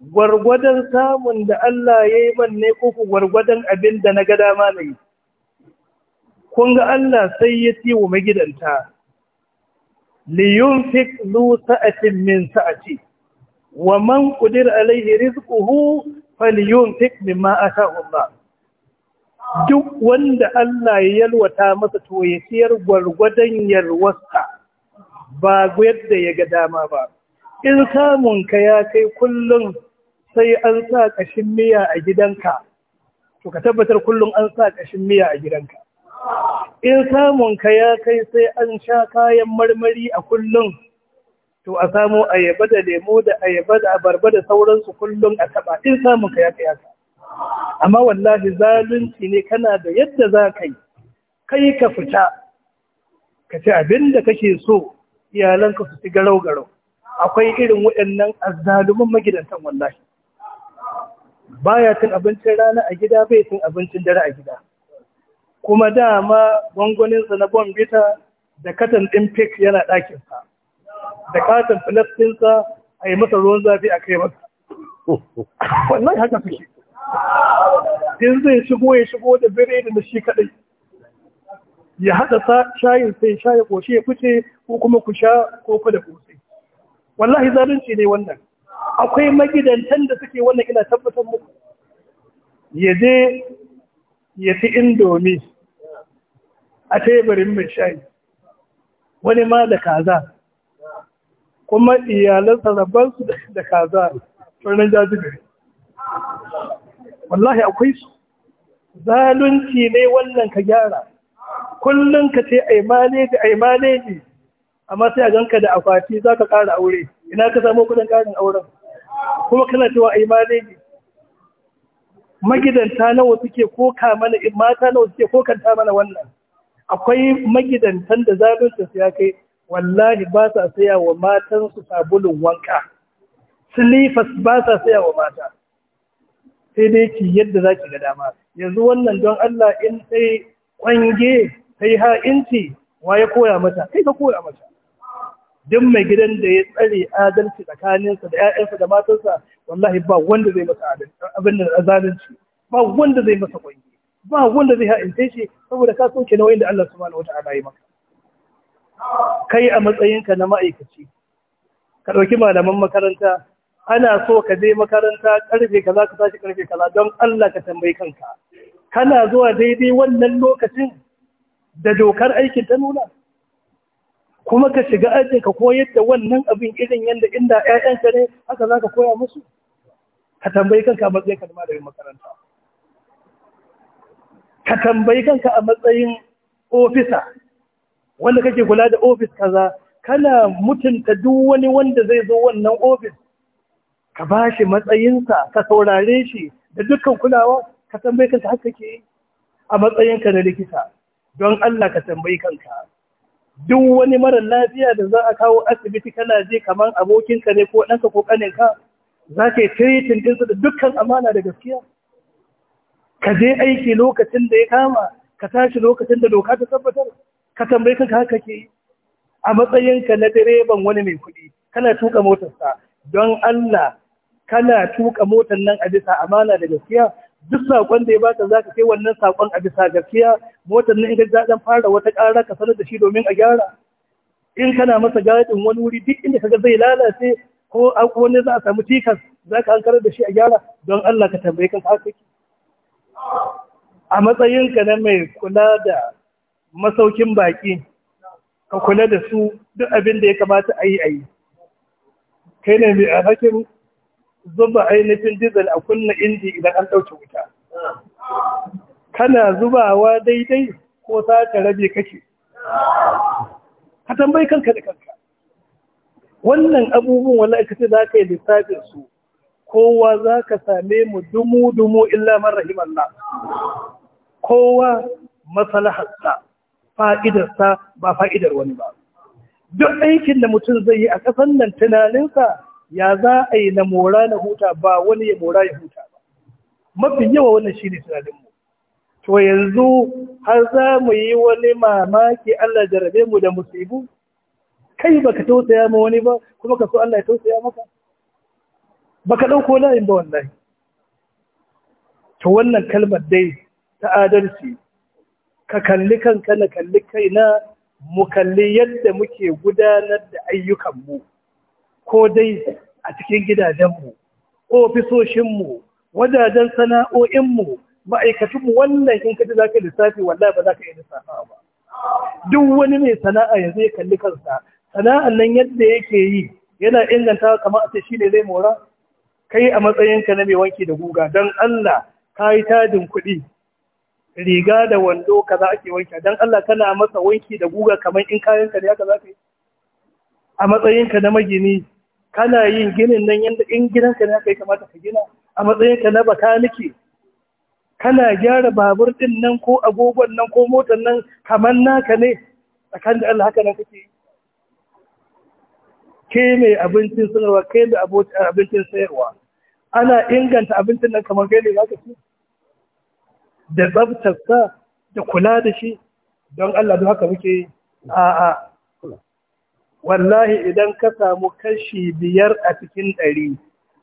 S2: gwargwadon samun da Allah ya yi man ne kuku gwargwadon abin da na gada dama na yi kun ga Allah sai ya ci wa magidanta liyun fi zu sa'atin min sa'ati wa man qudir alaihi rizquhu falyunfiq mimma ataahu Allah duk wanda Allah ya yalwata masa to ya siyar gwargwadon ba yadda ya ga dama ba in samun ka ya kai kullum sai an sa kashin miya a gidanka to ka tabbatar kullum an sa kashin miya a gidanka in samun ka ya kai sai an sha kayan marmari a kullun to a samo ayaba da lemo da ayaba da abarba da sauransu kullum a taba in samun ka ya yaka amma wallahi zalunci ne kana da yadda za ka yi kai ka fita ka ci abin da kake so iyalanka su ci garau garau akwai irin waɗannan azzaluman magidantan wallahi baya cin abincin rana a gida bai cin abincin dare a gida kuma dama gwangwaninsa na bombita da katan ɗin fik yana ɗakinsa da katon filastinsa a yi masa ruwan zafi a kai masa wannan haka suke in zai shigo ya shigo da biredi da shi kaɗai. ya haɗa shayin sai sha ya ƙoshi ya fice ko kuma ku sha ko da ƙosai wallahi zalunci ne wannan akwai magidantan da suke wannan ina tabbatar muku ya je ya fi indomi a teburin mai shayi wani ma da kaza kuma iyalansa rabban su da kaza birnin jajibiri wallahi akwai su zalunci ne wannan ka gyara kullum ka ce aimane da aimane ne amma sai a ganka da akwati za ka ƙara aure ina ka samu kudin karin auren kuma kana cewa aimane ne magidanta nawa suke mata nawa suke kokanta mana wannan akwai magidantan da zalunci su ya kai wallahi ba sa saya wa matansu sabulun wanka silifas ba sa saya wa mata sai dai ki yadda za ki ga dama yanzu wannan don Allah in sai kwange sai ha'inci wa ya koya mata kai ka koya mata duk mai gidan da ya tsare adalci tsakaninsa da 'ya'yansa da matansa wallahi ba wanda zai masa adalci abin da zalunci ba wanda zai masa kwange ba wanda zai ha'ince shi saboda ka soke nauyin da Allah subhanahu wata'ala ya maka kai a matsayinka na ma'aikaci ka ɗauki malaman makaranta ana so ka je makaranta karfe kaza ka tashi karfe kaza don Allah ka tambayi kanka kana zuwa daidai wannan lokacin da dokar aikin ta nuna kuma ka shiga ajin ka koyar da wannan abin irin yadda inda ƴaƴanka ne haka za ka koya musu ka tambayi kanka a matsayin ka malamin makaranta ka tambayi kanka a matsayin ofisa wanda kake kula da ofis kaza kana mutunta duk wani wanda zai zo wannan ofis ka ba shi matsayinsa ka saurare shi da dukkan kulawa ka tambayi kanka haka ke a matsayinka na likita don Allah ka tambayi kanka duk wani mara lafiya da za a kawo asibiti kana je kamar abokinka ne ko ɗanka ko ƙaninka za ka yi tiritin ɗinsa da dukkan amana da gaskiya ka je aiki lokacin da ya kama ka tashi lokacin da doka ta tabbatar ka tambayi kanka haka ke a matsayinka na direban wani mai kuɗi kana tuka motarsa don Allah kana tuka motar nan a bisa amana da gaskiya duk sakon da ya baka zaka kai wannan sakon a bisa gaskiya motar nan idan ka dan fara wata ƙara ka sanar da shi domin a gyara in kana masa gadin wani wuri duk inda kaga zai lalace ko wani za a samu tikas za ka hankar da shi a gyara don Allah ka tambaye kanka haka ke. a matsayinka na mai kula da masaukin baƙi ka kula da su duk abin da ya kamata a yi a yi kai ne mai alhakin zuba ainihin dizal a kunna inji idan an ɗauki wuta kana zubawa daidai ko sace rabe kake ka tambayi kanka da kanka wannan abubuwan wani aka ce za ka yi lissafin su kowa za ka same mu dumu-dumu illa man rahimallah kowa maslahatsa fa'idarsa ba fa'idar wani ba. Duk aikin da mutum zai yi a ƙasan nan tunaninsa ya za a yi na mora na huta ba wani ya mora ya huta ba. Mafi yawa wannan shi ne tunaninmu. To yanzu har za mu yi wani mamaki Allah jarabe mu da musibu? Kai ba ka tausaya ma wani ba kuma ka so Allah ya tausaya maka? Ba ka ɗauko layin ba wallahi. To wannan kalmar dai ta adalci ka kalli kanka na kalli kaina mu kalli yadda muke gudanar da ayyukanmu ko dai a cikin gidajenmu ofisoshinmu wajajen sana'o'inmu ma'aikatunmu wannan in ka ji za ka lissafi wallahi ba za ka yi lissafa ba duk wani mai sana'a yanzu ya kalli kansa sana'an nan yadda yake yi yana inganta kamar a ce shi ne zai mora kai a matsayinka na mai wanki da guga don Allah ka yi tajin kuɗi riga da wando kaza ake wanke dan Allah kana masa wanki da guga kamar in kayan ka ne haka zaka yi a matsayin ka na magini kana yin ginin nan yanda in gidan ka ne haka ya kamata ka gina a matsayin ka na bakaniki kana gyara babur din nan ko agogon nan ko motar nan kamar naka ne tsakanin da Allah haka nan kake ke mai abincin sanarwa ke mai abincin sayarwa ana inganta abincin nan kamar gani ne ka ce da tsabtarsa da kula da shi don Allah don haka muke a'a wallahi idan ka samu kashi biyar a cikin ɗari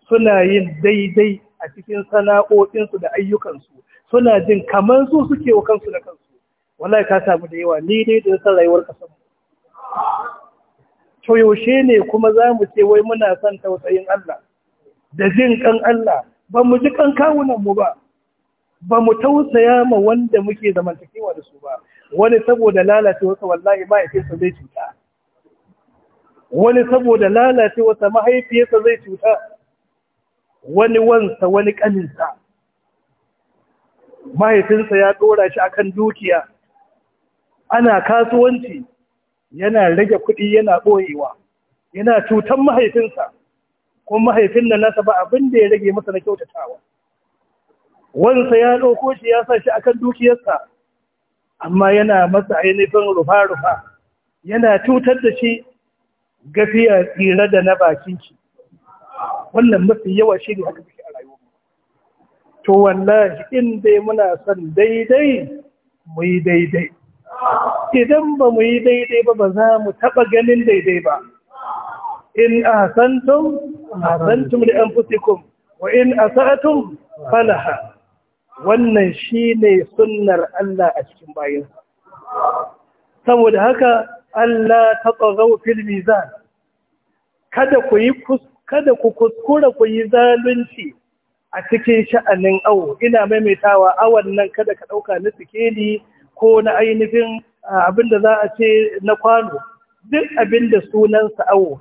S2: suna yin daidai a cikin sana'o'insu da ayyukansu suna jin kamar su suke wa kansu da kansu wallahi ka samu da yawa ni dai da san rayuwar kasan to yaushe ne kuma za mu ce wai muna son tausayin Allah da jin kan Allah ba mu ji kan kawunan mu ba ba mu tausaya ma wanda muke zamantakewa da su ba wani saboda lalacewarsa wallahi mahaifinsa zai cuta wani saboda lalacewarsa mahaifiyarsa zai cuta wani wansa wani kaninsa mahaifinsa ya dora shi akan dukiya ana kasuwanci yana rage kuɗi yana ɓoyewa yana cutan mahaifinsa kuma mahaifin nan nasa ba abin da ya rage masa na kyautatawa wansa ya ɗauko shi ya sa shi akan dukiyarsa amma yana masa ainihin rufa-rufa yana cutar da shi gafiya tsira da na bakin shi wannan mafi yawa shi ne haka suke a rayuwa to wallahi in dai muna son daidai mu yi daidai idan ba mu yi daidai ba ba za mu taɓa ganin daidai ba in ahsantum ahsantum li anfusikum wa in asa'tum falaha wannan shi ne sunnar Allah a cikin bayinsa saboda haka Allah ta tsagau fil mizan kada ku yi kada kuskura ku yi zalunci a cikin sha'anin awo ina maimaitawa awon nan kada ka ɗauka na sikeli ko na ainihin abin za a ce na kwano duk abinda da sunansa awo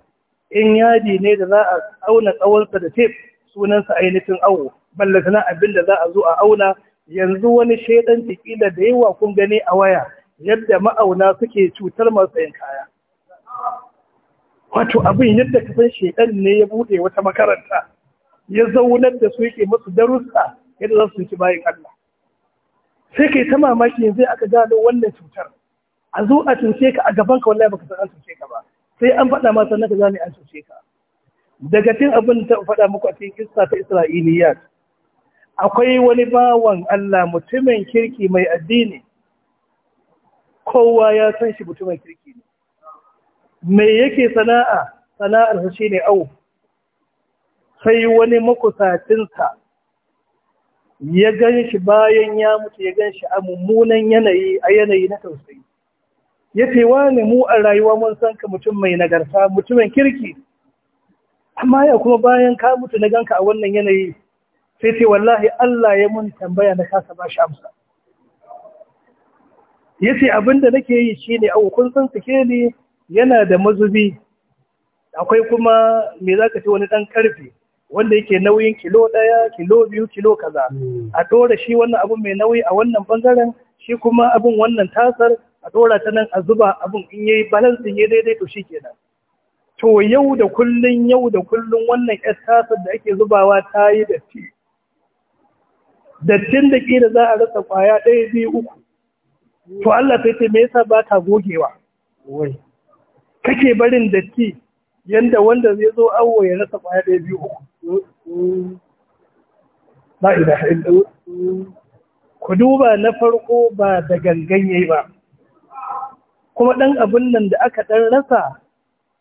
S2: in yadi ne da za a auna tsawonsa da tef sunansa ainihin awo sana abin da za a zo a auna yanzu wani shaidan tikila da yawa kun gani a waya yadda ma'auna suke cutar masu yin kaya wato abin yadda ka san shaidan ne ya bude wata makaranta ya zaunar da su yake musu darussa yadda za su ci bayan Allah sai kai ta mamaki yanzu aka gano wannan cutar a zo a cuce ka a gaban ka wallahi baka san an cuce ka ba sai an faɗa ma sannan ka gane an cuce ka daga cin abin da faɗa muku a cikin kissa ta isra'iliya akwai wani bawan Allah mutumin kirki mai addini kowa ya san shi mutumin kirki ne me yake sana'a sana'ar shi ne au sai wani makusacinsa ya ganshi bayan ya mutu ya gan shi a mummunan yanayi a yanayi na tausayi ya ce wani mu a rayuwa mun san ka mutum mai nagarta mutumin kirki amma ya kuma bayan ka mutu na ganka a wannan yanayi sai ce wallahi Allah ya mun tambaya na kasa ba shi amsa yace abinda nake yi shine au kun san suke ni yana da mazubi akwai kuma me zaka ce wani dan karfe wanda yake nauyin kilo ɗaya, kilo biyu kilo kaza hmm. a dora shi wannan abun mai nauyi a wannan bangaren shi kuma abun wannan tasar a dora ta nan a zuba abin in yayi balance ya daidai shi kenan. to yau da kullun yau da kullun wannan estasar da ake zubawa ta yi datti dattin da ƙira za a rasa ƙwaya ɗaya biyu uku to Allah sai ce mai yasa ba ka gogewa wai kake barin datti yadda wanda zai zo awo ya rasa ƙwaya ɗaya biyu uku ba da ku duba na farko ba da gangan yi ba kuma ɗan abin nan da aka ɗan rasa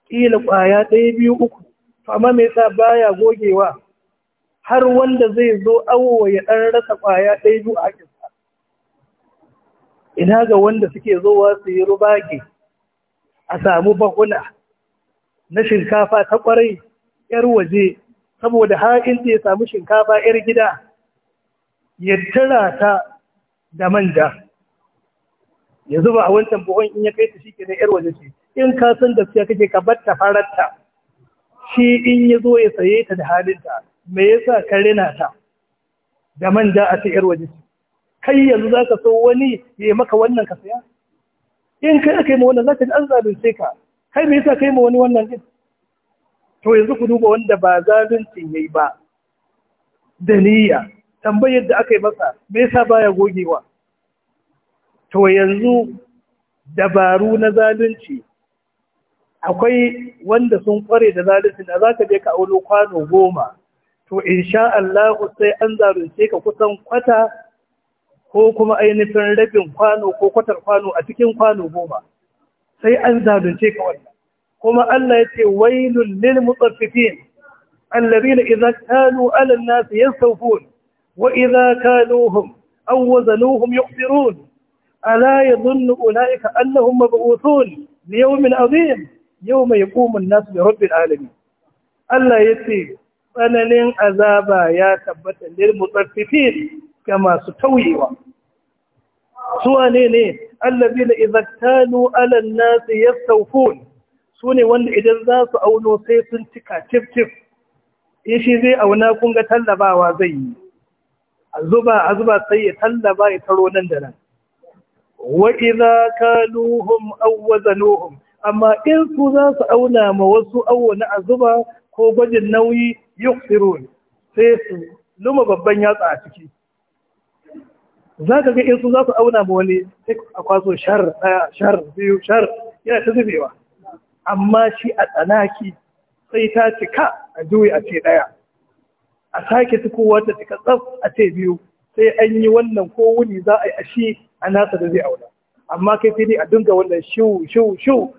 S2: ƙila kwaya ɗaya biyu uku amma me yasa baya gogewa har wanda zai zo awo ya ɗan rasa kwaya ɗaya biyu a kisa ina ga wanda suke zowa su yi rubage a samu bahuna na shinkafa ta kwarai ‘yar waje saboda da ya samu shinkafa ‘yar gida ya tura ta da manja ya zuba a wancan buhon in ya kai ta shi ke yar waje ce in ka san da siya kake ka bar ta shi in ya zo ya saye ta da halinta me yasa ka rina ta da manja a ce yar waje ce kai yanzu za ka so wani ya maka wannan ka saya in kai aka yi ma wannan za ka ji an zalunce ka kai me yasa kai ma wani wannan din to yanzu ku duba wanda ba zaluncin yi ba da niyya tambayar da aka yi masa me yasa baya gogewa to yanzu dabaru na zalunci akwai wanda sun kware da zalunci da za ka je ka auno kwano goma to insha Allah sai an zalunce ka kusan kwata ko kuma ainihin rabin kwano ko kwatar kwano a cikin kwano goma sai an zalunce ka wannan kuma Allah ya ce wailul lil mutaffifin alladhina idza kanu 'ala an-nasi yastawfun wa idza kaluhum aw wazanuhum yukhsirun ألا يظن أولئك أنهم مبعوثون ليوم عظيم يوم يقوم الناس برب العالمين Allah ya ce tsananin azaba ya tabbata lilmutaffifin ga masu tauyewa su ne ne allazina idza kanu ala nasi yastawfun sune wanda idan za su auno sai sun cika cif cif in shi zai auna kun ga tallabawa zai yi azuba azuba sai ya tallaba ya taro nan da nan wa’iza idza kaluhum aw wazanuhum amma in su za su auna ma wasu awwana azuba ko gwajin nauyi yuksirun sai su luma babban yatsa a ciki za ka ga in su za su auna ma wani a kwaso shar ɗaya shar biyu shar yana ta zubewa amma shi a tsanaki sai ta cika a juyi a ce ɗaya a sake tukowa ta cika tsaf a ce biyu sai an yi wannan ko wuni za a yi a shi a nasa da zai aula amma kai sai dai a dinga wannan shiu shiu shiu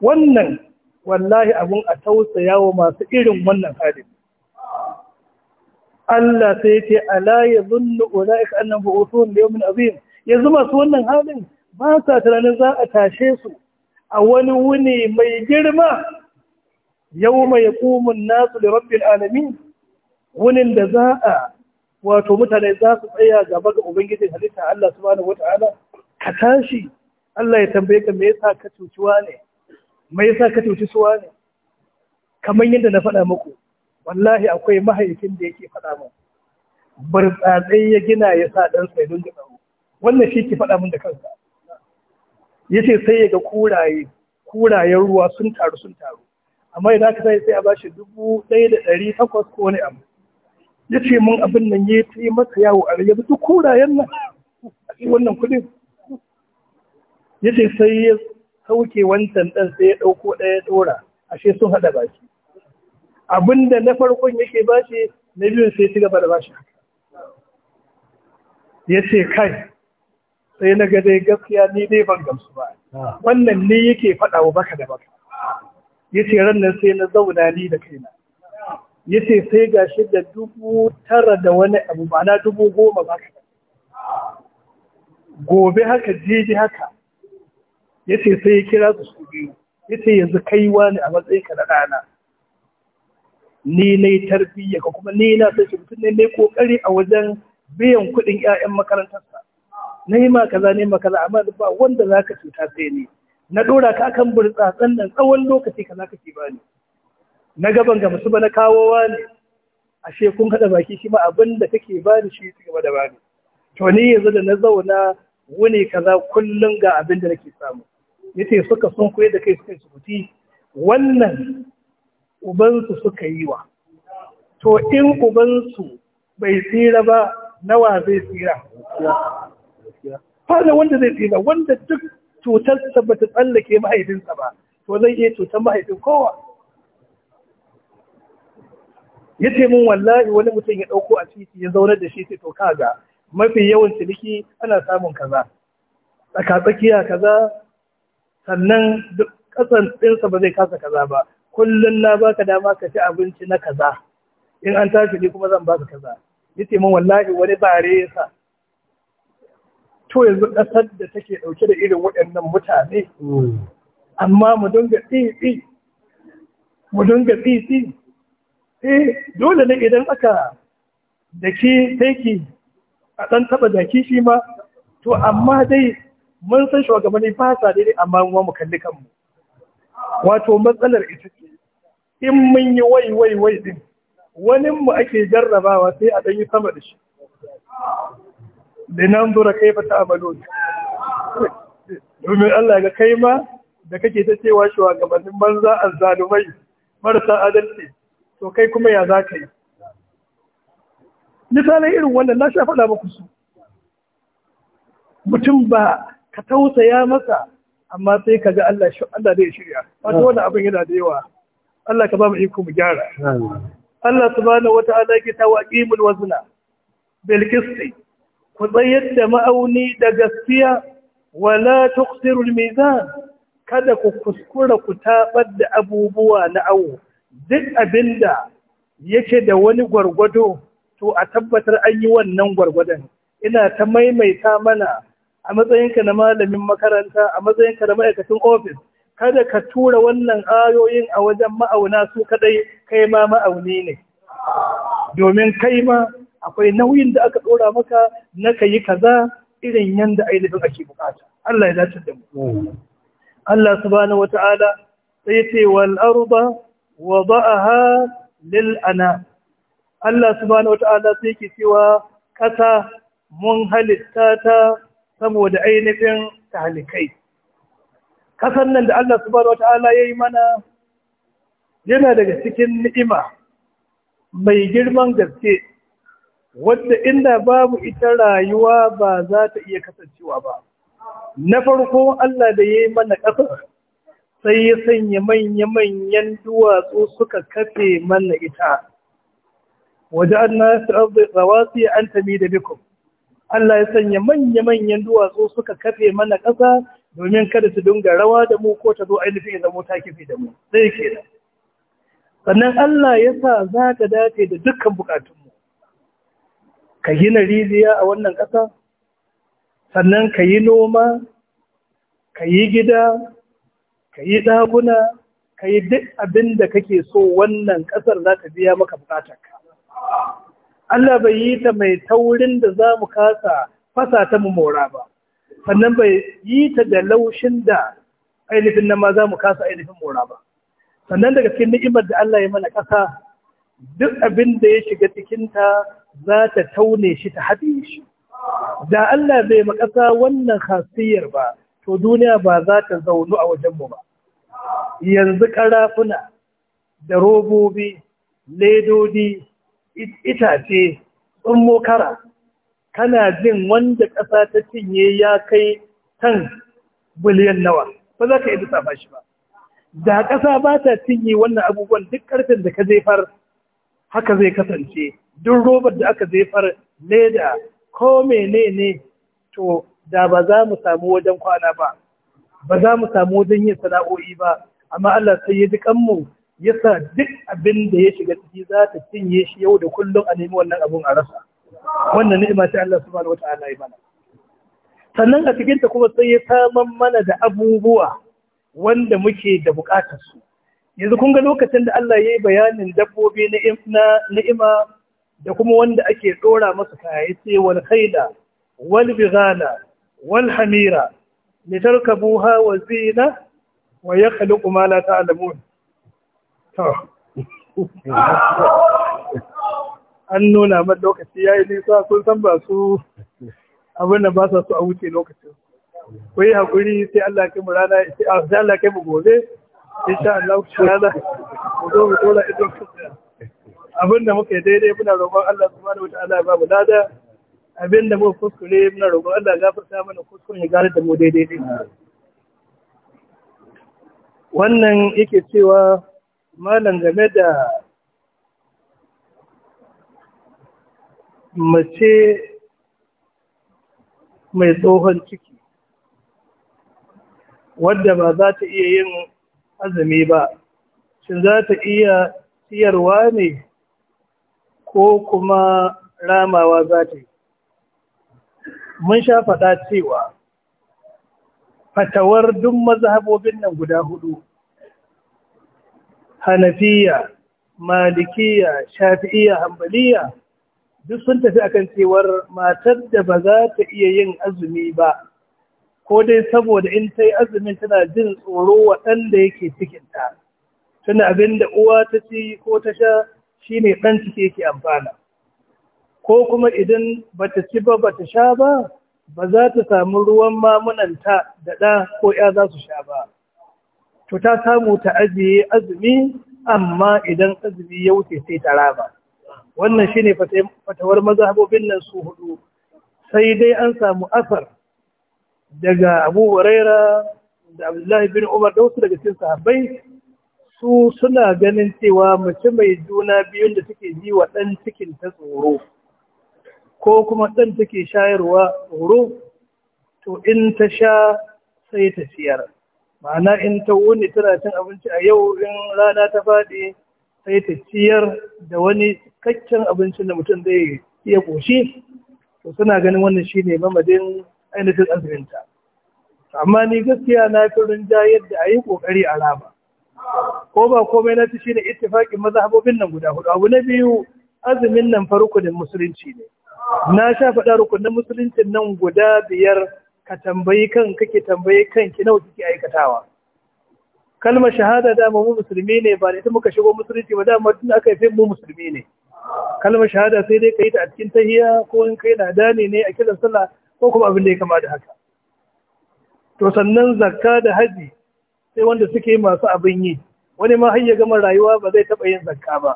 S2: wannan wallahi abun a tausaya wa masu irin wannan halin Allah sai ce ala ya zunnu ulaika annahum bu'uthun yawmin azim yanzu masu wannan halin ba sa tunanin za a tashe su a wani wuni mai girma yau mai kumun nasu da rabbin alamin wunin da za a wato mutane za su tsaya gaba ga ubangijin halitta Allah subhanahu wata'ala ka tashi Allah ya tambaye ka me yasa ka cuci ne? me yasa ka cuci suwa ne kamar yadda na faɗa muku wallahi akwai mahaifin da yake faɗa min burtsatsai ya gina ya sa ɗansa ya dinga tsaro wannan shi ke faɗa min da kansa yace sai ya ga kuraye kurayen ruwa sun taru sun taru amma idan aka sai a bashi dubu ɗaya da ɗari takwas ko wani abu ya ce mun abin nan ya yi masa yawo a rayu duk kura nan a wannan kudin ya ce sai ya sauke wancan ɗan sai ya ɗauko ɗaya ɗora ashe sun haɗa baki abin da na farkon yake shi na biyun sai ci gaba da shi ya ce kai sai na ga dai gaskiya ni dai ban gamsu ba ah. wannan ne yake faɗa wa baka da baka ya ce ran nan sai na zauna ni da kaina ya ce sai ga shi da dubu tara da wani abu ma'ana dubu goma ba ka gobe haka jeji haka ya ce sai ya kira su su biyu ya ce yanzu kaiwa ne a matsayinka na rana ni na yi tarbiyya ka kuma ni na sai shi mutum ne mai kokari a wajen biyan kuɗin 'ya'yan makarantarsa na yi ma ne ma kaza amma ba wanda za ka cuta sai ne na ɗora ka akan burtsatsen nan tsawon lokaci ka za ka ke ne. na gaban ga musu ba na kawowa ne ashe kun haɗa baki shi ma abin da kake bani shi cigaba da bani to ni yanzu da na zauna wuni kaza kullum ga abin da nake samu yace suka sun koyi da kai suka sukuti wannan ubansu suka yi wa to in ubansu bai tsira ba nawa zai tsira fara wanda zai tsira wanda duk cutar ta bata tsallake mahaifinsa ba to zai iya cutar mahaifin kowa ya ce min wallahi wani mutum ya ɗauko a titi ya zaunar da shi sai to kaga mafi yawan ciniki ana samun kaza tsaka tsakiya kaza sannan duk kasan ɗinsa ba zai kasa kaza ba kullum na baka dama ka ci abinci na kaza in an tashi ni kuma zan baka kaza ya ce min wallahi wani bare ya sa to yanzu ƙasar da take ɗauke da irin waɗannan mutane hmm. amma mu dinga tsitsi mu dinga tsitsi eh dole ne idan aka daki take a ɗan taɓa jaki shi ma to amma dai mun san shugabanni ba sa daidai amma mu mu kalli kanmu wato matsalar ita ce in mun yi wai wai wai din wani mu ake jarrabawa sai a ɗan yi sama da shi linan zura kai fa ta amalo domin Allah ga kai ma da kake ta cewa shugabannin banza azzalumai marasa adalci to kai kuma ya za ka yi misalin irin wannan na shafa da makusu mutum ba ka tausaya masa amma sai ka ga Allah Allah zai shirya Wata wani abin yana da yawa Allah ka ba mu iko mu gyara Allah subhanahu wata yake ta waqimul wazna bil qist ku tsayar da ma'auni da gaskiya wala tuqsirul mizan kada ku kuskura ku tabar da abubuwa na awo duk abinda da yake da wani gwargwado to a tabbatar an yi wannan gwargwadon ina ta maimaita mana a matsayinka na malamin makaranta a matsayinka na ma'aikacin ofis kada ka tura wannan ayoyin a wajen ma'auna su kadai kai ma ma'auni ne domin kai ma akwai nauyin da aka tsora maka na ka yi kaza irin yanda ainihin ake bukata Allah ya dace da mu Allah subhanahu wata'ala sai ce wal arda wada'aha lil ana Allah subhanahu wata'ala sai yake cewa ƙasa mun halitta ta saboda ainihin talikai Kasan nan da Allah subhanahu wata'ala yayi mana yana daga cikin ni'ima mai girman gaske wadda inda babu ita rayuwa ba za ta iya kasancewa ba na farko Allah da yayi mana ƙasa sai ya sanya manya-manyan duwatsu suka kafe mana ita waje an na rawasi an tami da bikum Allah ya sanya manya-manyan duwatsu suka kafe mana ƙasa domin kada su dunga rawa da mu ko ta zo ainihin zamo ta kife da mu sai ke da sannan Allah ya sa za ka dace da dukkan bukatunmu ka gina rijiya a wannan ƙasa sannan ka yi noma ka yi gida ka yi ɗaguna ka yi duk abin da kake so wannan ƙasar za ta biya maka buƙatar ka. Allah bai yi ta mai taurin da za mu kasa fasa ta mu mora ba sannan bai yi ta da laushin da ainihin nama za mu kasa ainihin mora ba sannan daga cikin ni'imar da Allah ya mana ƙasa duk abin da ya shiga cikinta za ta taune shi ta haɗe shi da Allah bai ma ƙasa wannan hasiyar ba to duniya ba za ta zaunu a wajenmu ba yanzu karafuna da robobi ledodi itace tsummo kara kana jin wanda ƙasa ta cinye ya kai tan biliyan nawa ba za ka yi lissafa shi ba da ƙasa ba ta cinye wannan abubuwan duk ƙarfin da ka jefar haka zai kasance duk robar da aka jefar leda ko menene to da ba za mu samu wajen kwana ba ba za mu samu wajen yin sana'o'i ba amma Allah sai ya ji kanmu ya sa duk abin da ya shiga ciki za ta cinye shi yau da kullum a nemi wannan abun a rasa wannan ni'ima ce Allah subhanahu wata'ala ya mana sannan a cikin ta kuma sai ya saman mana da abubuwa wanda muke da bukatar su yanzu kun ga lokacin da Allah ya yi bayanin dabbobi na ni'ima da kuma wanda ake ɗora masa kaya ya ce wal khayla wal bighala والحميرة لتركبوها وزينة ويخلق ما لا تعلمون an nuna man lokaci ya yi nisa sun san ba su abin da ba sa su a wuce lokacin ku yi haƙuri sai Allah kai mu rana sai Allah kai mu gobe insha Allah ku rana mu zo mu tora idon abin da muka yi daidai muna roƙon Allah subhanahu wa ta'ala ba mu lada abin da muka kuskure muna roƙon Allah gafarta mana kuskuren ya gane da mu daidai ne. wannan yake cewa malam game da mace mai tsohon ciki wadda ba za ta iya yin azumi ba shin za ta iya siyarwa ne ko kuma ramawa za ta yi mun sha faɗa cewa fatawar duk mazhabobin nan guda hudu hanafiya malikiya shafi'iya hambaliya duk sun tafi akan cewar matar da ba za ta iya yin azumi ba ko dai saboda in ta yi azumin tana jin tsoro waɗanda yake cikinta tana abin da uwa ta ci ko ta sha shi ne ɗan ciki yake amfana ko kuma idan ba ta ci ba ba ta sha ba ba za ta samu ruwan mamunanta da ɗa ko ya za su sha ba to ta samu ta ajiye azumi amma idan azumi ya wuce sai ta raba wannan shine fatawar mazhabobin nan su hudu sai dai an samu asar daga Abu Huraira da Abdullahi bin Umar da wasu daga cikin sahabbai su suna ganin cewa mace mai juna biyun da take ji wa ɗan cikin ta tsoro ko kuma ɗan take shayarwa horo to in ta sha sai ta siyar ma'ana in ta wuni tana cin abinci a yau in rana ta faɗi sai ta ciyar da wani cikakken abincin da mutum zai iya ƙoshi to suna ganin wannan shine mamadin ainihin azuminta amma ni gaskiya na fi rinjayar da a yi ƙoƙari a raba ko ba komai na ci shine maza mazhabobin nan guda hudu abu na biyu azumin nan farko musulunci ne na sha faɗa rukunin musuluncin nan guda biyar ka tambayi kan kake tambayi kanki nawa kike aikatawa kalmar shahada da mu musulmi ne ba da ita muka shigo musulunci ba da mu tun aka yi mu musulmi ne kalmar shahada sai dai kai ta a cikin tahiya ko in kai na dani ne a kiran sallah ko kuma abin da ya kama da haka to sannan zakka da haji sai wanda suke masu abin yi wani ma har ya gama rayuwa ba zai taɓa yin zakka ba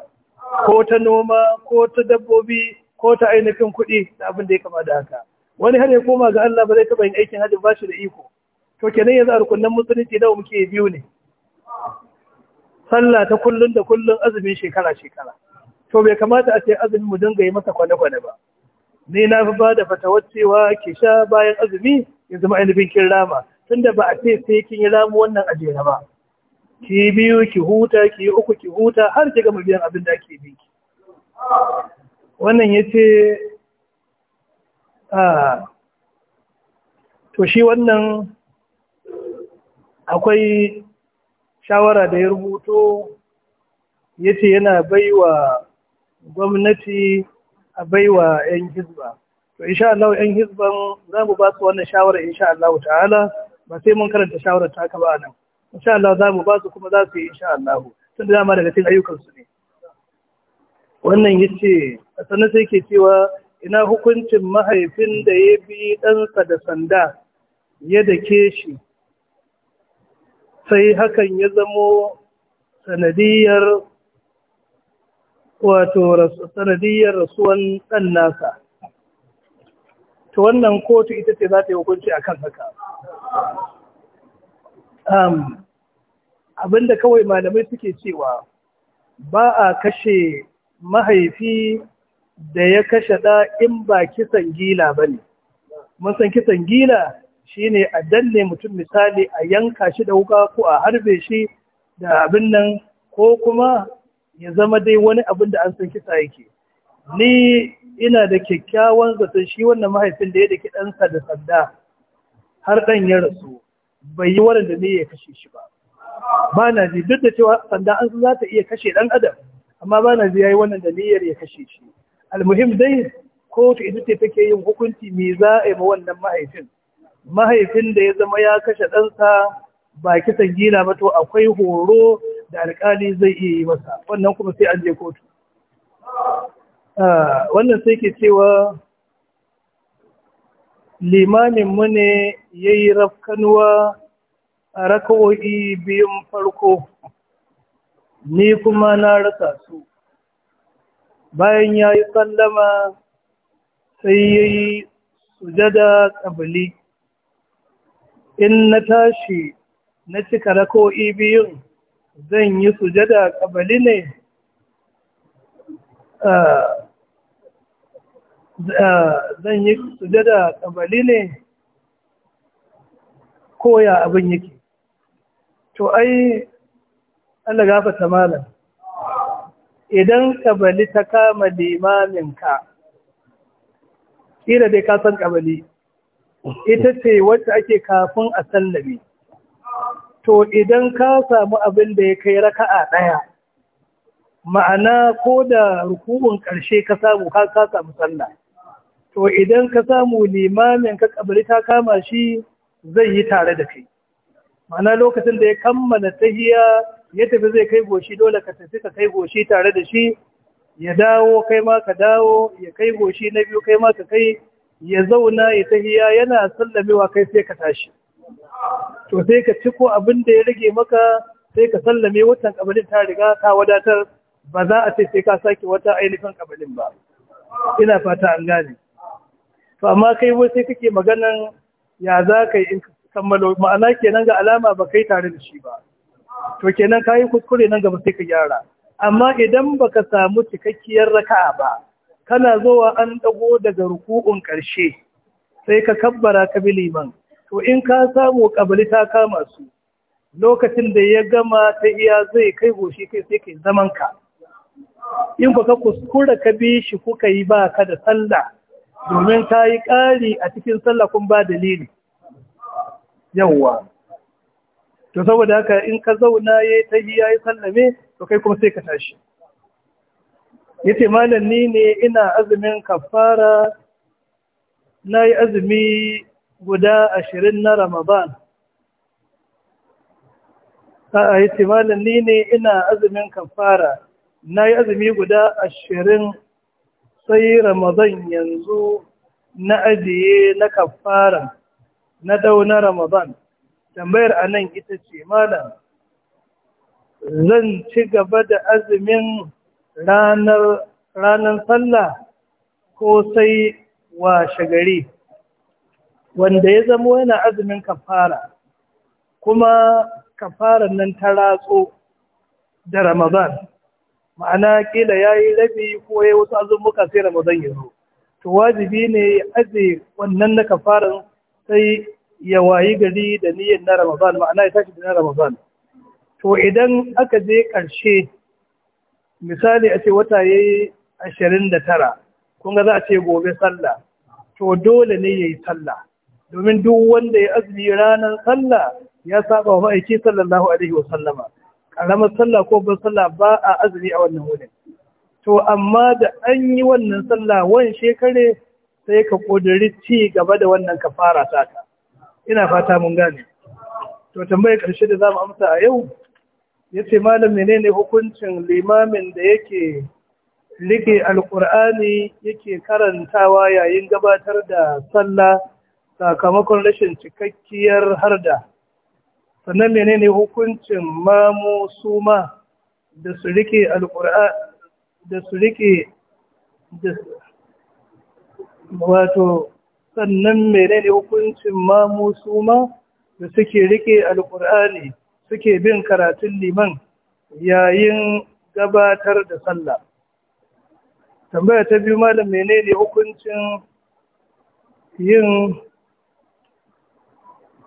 S2: ko ta noma ko ta dabbobi ko ta ainihin kuɗi da abin da ya kama da haka wani har ya koma ga Allah ba zai taɓa yin aikin hajji ba shi da iko to kenan yanzu a rukunan musulunci nawa muke biyu ne sallah ta kullun da kullun azumin shekara shekara to bai kamata a ce azumi mu dinga yi masa kwane-kwane ba ni na fi ba da fatawar cewa ki sha bayan azumi ya zama ainihin kin rama tunda ba a ce sai kin yi ramu wannan ajiyar ba ki biyu ki huta ki uku ki huta har ki gama biyan abin da ake biki wannan ya ce ah, to shi wannan akwai shawara da ya rubuto ya ce yana baiwa gwamnati a baiwa 'yan hizba to insha Allah 'yan hizban za mu ba su wannan shawara insha Allah ta'ala ba sai mun karanta shawarar ta ka ba nan insha Allah za mu ba su kuma za su yi insha Allah tun da dama daga cikin ayyukan ne wannan ya ce a sannan sai ke cewa ina hukuncin mahaifin da ya bi ɗansa da sanda ya dake shi sai hakan ya zamo sanadiyar wato sanadiyar rasuwan ɗan nasa to wannan kotu ita ce za ta yi hukunci akan haka abinda kawai malamai suke cewa ba a kashe mahaifi da ya kashe ɗa in ba kisan gila ba ne. Mun san kisan gila shi ne a danne mutum misali a yanka shi da wuka ko a harbe shi da abin nan ko kuma ya zama dai wani abin da an san kisa yake. Ni ina da kyakkyawan zaton shi wannan mahaifin da ya daki ɗansa da sanda har ɗan ya rasu bai yi waɗanda ne ya kashe shi ba. Ba na ji duk da cewa sanda an za ta iya kashe ɗan adam. amma ba na ziyayi yi wannan da niyyar ya kashe shi almuhim dai kotu ita ce take yin hukunci me za a ma wannan mahaifin mahaifin da ya zama ya kashe ɗansa ba kisan gina ba to akwai horo da alkali zai iya yi masa wannan kuma sai an je kotu ah, wannan sai ke cewa mu ne ya yi rafkanuwa a rakawo'i biyun farko ni kuma na rasa su bayan ya yi sallama sai ya yi sujada ƙabali. in na tashi na cika rako'i biyun zan yi sujada ƙabali ne ah, ah, zan yi sujada ƙabali ne koya abin yake to ai Allah gafarta malam idan kabali ta kama limaminka kira dai ka san kabali ita ce wacce ake kafin a sallame to idan ka samu abin da ya kai raka'a ɗaya ma'ana ko da rukubun ƙarshe ka samu ka ka samu sallah to idan ka samu limamin ka ta kama shi zai yi tare da kai ma'ana lokacin da ya kammala tahiya ya tafi zai kai goshi dole ka tafi ka kai goshi tare da shi ya dawo kai ma ka dawo ya kai goshi na biyu kai ma ka kai ya zauna ya tahiya yana sallamewa kai sai ka tashi to sai ka ciko abin da ya rage maka sai ka sallame watan kabalin ta riga ta wadatar ba za a ce sai ka sake wata ainihin kabalin ba ina fata an gane to amma kai wai sai kake maganan ya za ka yi in kammalo ma'ana kenan ga alama ba kai tare da shi
S1: ba to
S2: kenan kayi kuskure nan gaba sai ka gyara amma idan baka samu cikakkiyar raka'a ba kana zowa an dago daga ruku'un karshe sai ka kabbara ka bi liman to in ka samu kabali ta kama su lokacin da ya gama ta iya zai kai goshi kai sai kai zaman ka in ka kuskura ka bi shi kuka yi ba ka da sallah domin ka yi ƙari a cikin sallah kun ba dalili yawwa to saboda haka in ka zauna ya yi yi ya yi sallame to kai kuma sai ka tashi ya ce malam ni ne ina azumin kafara na yi azumi guda ashirin na ramadan a ya ce malam ni ne ina azumin kafara na yi azumi guda ashirin sai ramadan yanzu na ajiye na kafara na dau na ramadan tambayar a nan ita ce malam zan ci gaba da azumin ranar sallah ko sai wa shagari. wanda ya zama yana azumin kafara kuma kafaran nan ta ratso da ramadan ma'ana kila ya yi rabi ko ya wasu azumuka sai ramadan ya zo to wajibi ne ya aje wannan na kafaran sai ya wayi gari da niyyar na Ramadan ma'ana ya tashi da na Ramadan to idan aka je ƙarshe misali a ce wata da tara kun ga za a ce gobe sallah to dole ne ya yi sallah domin duk wanda ya azumi ranar sallah ya saba wa ma'aiki sallallahu alaihi wa sallama Ƙaramar sallah ko ban sallah ba a azumi a wannan wurin to amma da an yi wannan sallah wani shekare sai ka ƙudiri ci gaba da wannan kafara ta. ina fata mun gane to tambayar ƙarshe da zamu amsa a yau yace malam menene hukuncin limamin da yake rike alqur'ani yake karantawa yayin gabatar da sallah sakamakon rashin cikakkiyar harda sannan menene hukuncin mamu suma da su rike da su rike wato sannan menene hukuncin mamu su ma da suke rike alkur'ani suke bin karatun liman yayin gabatar da sallah tambaya ta biyu malam menene hukuncin yin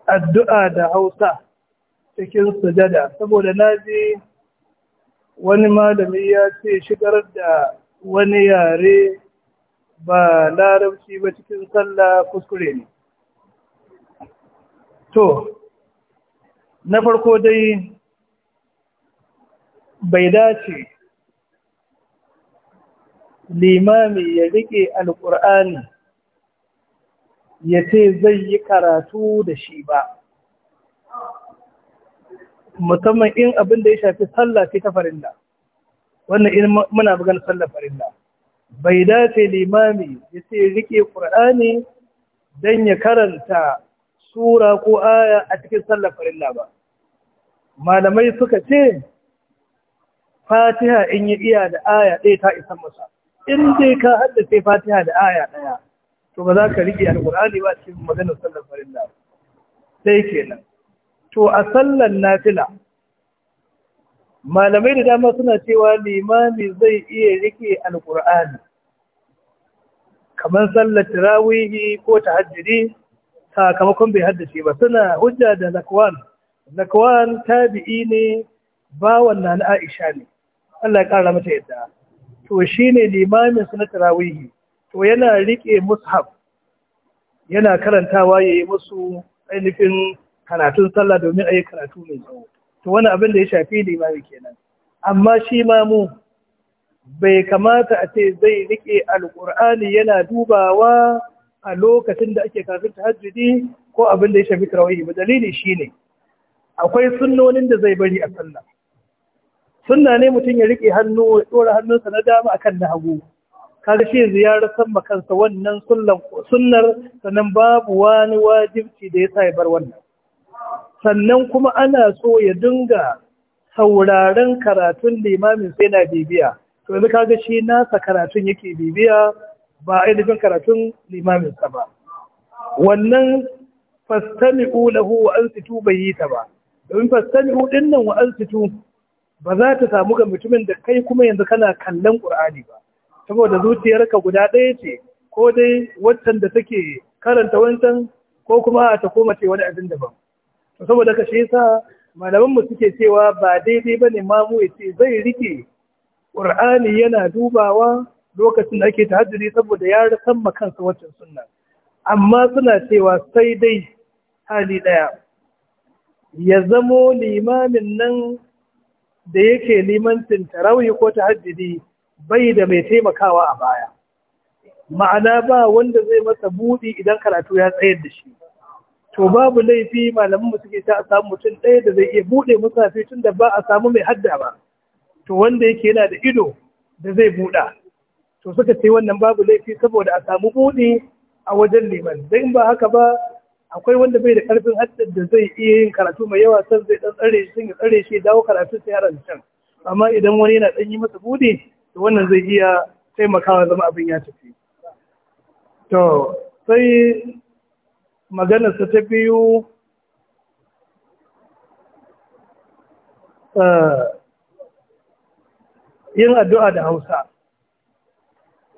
S2: addu'a da hausa cikin sujada saboda na ji wani malami ya ce shigar da wani yare ba larabci ba cikin sallah kuskure ne to na farko dai bai dace limami ya rike alƙur'ani ya ce zai yi karatu da shi ba musamman in abin da ya shafi sallah ce ta da wannan in muna bugan sallah da bai dace limami ya ce rike ƙur'ani don ya karanta sura ko aya a cikin sallar farin ba malamai suka ce fatiha in yi iya da aya ɗaya ta isan masa in dai ka haddace fatiha da aya ɗaya to ba za ka rike alƙur'ani ba cikin maganar sallar farilla sai kenan to a sallar nafila malamai da dama suna cewa limami zai iya rike alkur'ani kamar sallar tirawihi ko ta tahajjudi sakamakon bai haddace ba suna hujja da zakwan zakwan tabi'i ne bawan na na aisha ne Allah ya kara mata yadda to shi ne limamin su na tirawihi to yana rike mushaf yana karantawa yayi musu ainihin karatun sallah domin a yi karatu mai tsawo to wani abin da ya shafi limami kenan amma shi ma mu bai kamata a ce zai rike alkur'ani yana dubawa a lokacin da ake kafin tahajjudi ko abin da ya shafi tarawihi ba dalili shine akwai sunnonin da zai bari a sallah sunna ne mutum ya rike hannu ya dora hannunsa na dama akan na hagu kaga shi ziyarar san makansa wannan sunnar sannan babu wani wajibci da ya sa ya bar wannan sannan kuma ana so ya dinga sauraren karatun limamin sai na bibiya to yanzu kaga shi nasa karatun yake bibiya ba ainihin karatun limamin sa ba wannan fastami'u lahu wa ansitu bai yi ta ba domin fastami'u dinnan wa ansitu ba za ta samu ga mutumin da kai kuma yanzu kana kallon ƙur'ani ba saboda zuciyarka guda ɗaya ce ko dai waccan da take karanta wancan ko kuma ta koma ce wani abin daban saboda ka shi yasa malaman mu suke cewa ba daidai ba bane mamu ce zai rike Ƙur'ani yana dubawa lokacin da ake tahajjudi saboda ya rasan kansa waccan sunna amma suna cewa sai dai hali ɗaya. ya zamo limamin nan da yake limancin tarawih ko tahajjudi bai da mai taimakawa a baya ma'ana ba wanda zai masa buɗi idan karatu ya tsayar da shi to babu laifi malaman mu suke ta a samu mutum ɗaya da zai iya buɗe musafi tun da ba a samu mai hadda ba to wanda yake yana da ido da zai buɗa to suka ce wannan babu laifi saboda a samu buɗe a wajen liman in ba haka ba akwai wanda bai da karfin hadda da zai iya yin karatu mai yawa san zai dan tsare shi ya tsare shi dawo karatu sai har can amma idan wani yana dan yi masa buɗe, to wannan zai iya taimakawa zama abin ya tafi to sai maganarsa ta biyu eh, yin addu'a da hausa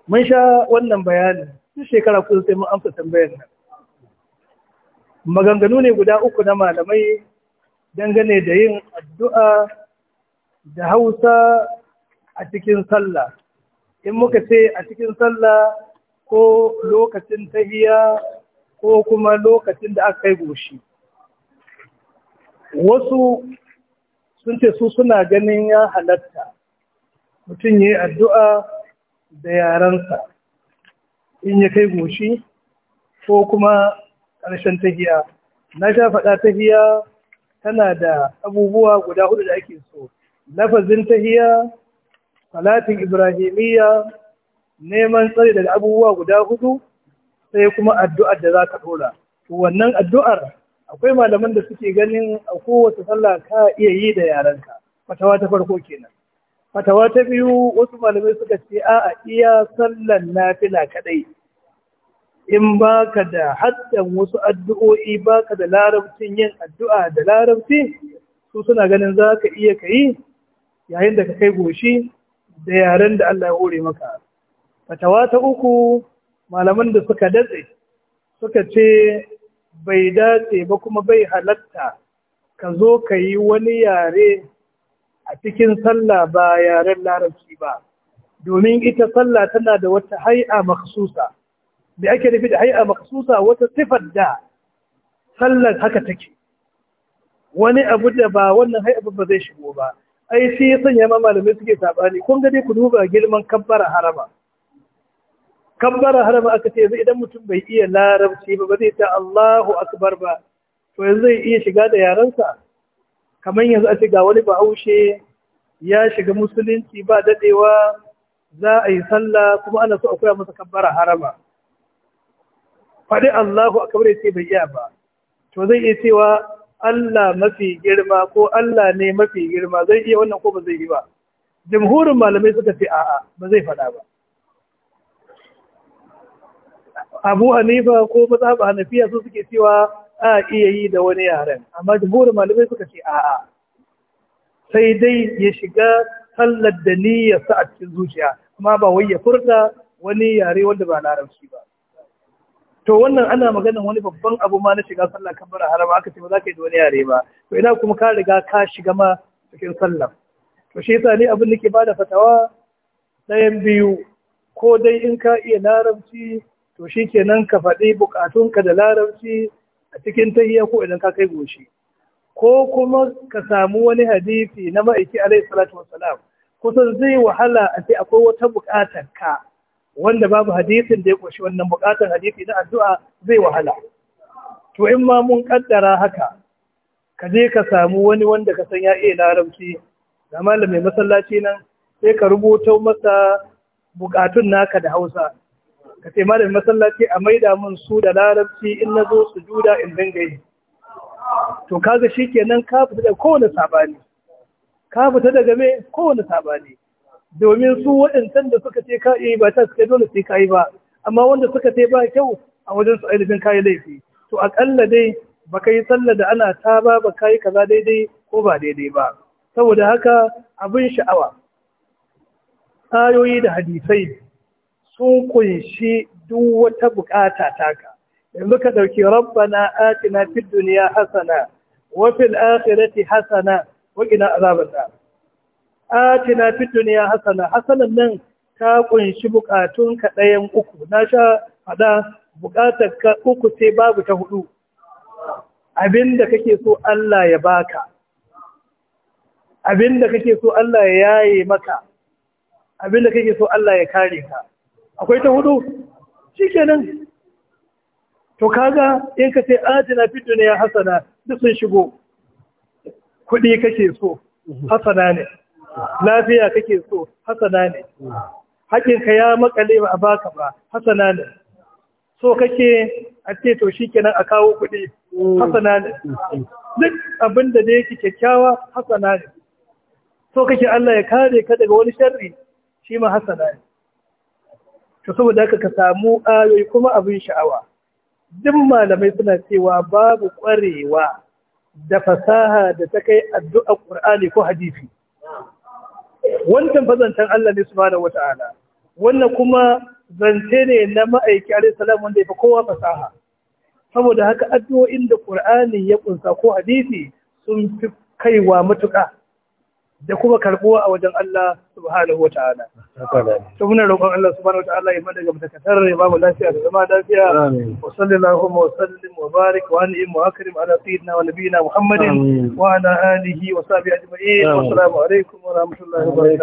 S2: mun sha wannan bayanin sun shekara kusa sai mun amsa tambayar nan maganganu ne guda uku na malamai dangane da yin addu'a da hausa a cikin sallah in muka ce a cikin sallah ko lokacin tahiya ko kuma lokacin da aka kai goshi wasu sun ce su suna ganin ya halatta mutum ya yi addu'a da yarensa in ya kai goshi ko kuma ƙarshen tahiya na sha faɗa tahiya tana da abubuwa guda hudu da ake so lafazin tahiya salatin ibrahimiyya neman tsari daga abubuwa guda hudu sai kuma addu'ar da za ka dora wannan addu'ar akwai malaman da suke ganin a kowace sallah ka iya yi da yarenka fatawa ta farko kenan fatawa ta biyu wasu malamai suka ce a iya sallan nafila kaɗai. in ba ka da haddan wasu addu'o'i ba ka da larabcin yin addu'a da larabci su suna ganin za ka iya ka yi yayin da ka kai goshi da yaren da Allah ya hore maka. Fatawa ta uku malaman da suka datse suka ce bai datse ba kuma bai halatta ka zo ka yi wani yare a cikin sallah ba yaren larabci ba domin ita sallah tana da wata hai'a makasusa. da ake nufi da hai'a makasusa wata sifar da sallar haka take wani abu da ba wannan hai'a ba zai shigo ba ai shi ya sanya ma malamai suke saɓani kun gani ku duba girman kabbara harama kambara harama aka ce yanzu idan mutum bai iya larabci ba ba zai ta Allahu akbar ba to yanzu zai iya shiga da yarensa kamar yanzu a ce ga wani bahaushe ya shiga musulunci ba dadewa za a yi sallah kuma ana so a koya masa kambara harama faɗi Allahu akbar ya ce bai iya ba to zai iya cewa Allah mafi girma ko Allah ne mafi girma zai iya wannan ko ba zai yi ba jamhurin malamai suka ce a'a ba zai faɗa ba abu hanifa ko mazhab hanafiya su suke cewa a iya yi da wani yaren amma jumhurin malamai suka ce a'a sai dai ya shiga sallar da niyyarsa a cikin zuciya kuma ba wai ya furta wani yare wanda ba larabci ba to wannan ana maganar wani babban abu ma na shiga sallar kan bara harama aka ce ba za ka yi da wani yare ba to ina kuma ka riga ka shiga ma cikin sallar? to shi yasa ni abin da ke bada fatawa ɗayan biyu ko dai in ka iya larabci to shi kenan ka faɗi bukatunka da larabci a cikin tahiya ko idan ka kai goshi ko kuma ka samu wani hadisi na ma'aiki alaihi salatu wassalam kusan zai wahala a ce akwai wata bukatar ka wanda babu hadisin da ya ƙunshi wannan bukatar hadisi na addu'a zai wahala to in ma mun kaddara haka ka je ka samu wani wanda ka san ya iya larabci da malamin masallaci nan sai ka rubuta masa bukatun naka da Hausa ka ce masallaci a maida mun su da larabci in na zo su juda in dinga yi to kaga shi kenan ka fita daga kowane sabani ka fita daga me kowane sabani domin su waɗancan da suka ce ka'i ba ta suka dole su ka'i ba amma wanda suka ce ba kyau a wajen su ainihin kayi laifi to akalla dai baka yi sallar da ana ta ba ba kayi kaza daidai ko ba daidai ba saboda haka abin sha'awa ayoyi da hadisai sun kunshi duk wata bukata taka yanzu ka dauki rabbana atina fid dunya hasana wa fil akhirati hasana wa qina azaban nar atina fid dunya hasana hasanan nan ta kunshi bukatun ka dayan uku na sha fada bukatar ka uku sai babu ta hudu abinda kake so Allah ya baka abinda kake so Allah ya yaye maka abinda kake so Allah ya kare ka akwai ta hudu shikenan to kaga in ka ce atina fid dunya hasana duk sun shigo kudi kake so hasana ne lafiya kake so hasana ne hakinka ya makale ba a baka ba hasana ne so kake a ce to shikenan a kawo kudi hasana ne duk abin da ne yake kyakkyawa hasana ne so kake Allah ya kare ka daga wani sharri shi ma hasana ne to saboda haka ka samu ayoyi kuma abin sha'awa duk malamai suna cewa babu ƙwarewa da fasaha da ta kai addu'a ƙur'ani ko hadisi wannan fazantan Allah ne subhanahu wata'ala wannan kuma zance ne na ma'aiki alayhi salam wanda ya fi kowa fasaha saboda haka addu'o'in da ƙur'ani ya kunsa ko hadisi sun fi kaiwa matuƙa da kuma karbuwa a wajen Allah subhanahu wa ta'ala. To muna roƙon Allah subhanahu wa ta'ala ya mana gaba da katar ya ba mu lafiya da zama lafiya. Wa sallallahu wa sallim wa barik wa an'im wa akrim ala sayyidina wa nabiyina Muhammadin wa ala alihi wa sahbihi ajma'in. Wa assalamu alaikum wa rahmatullahi wa barakatuh.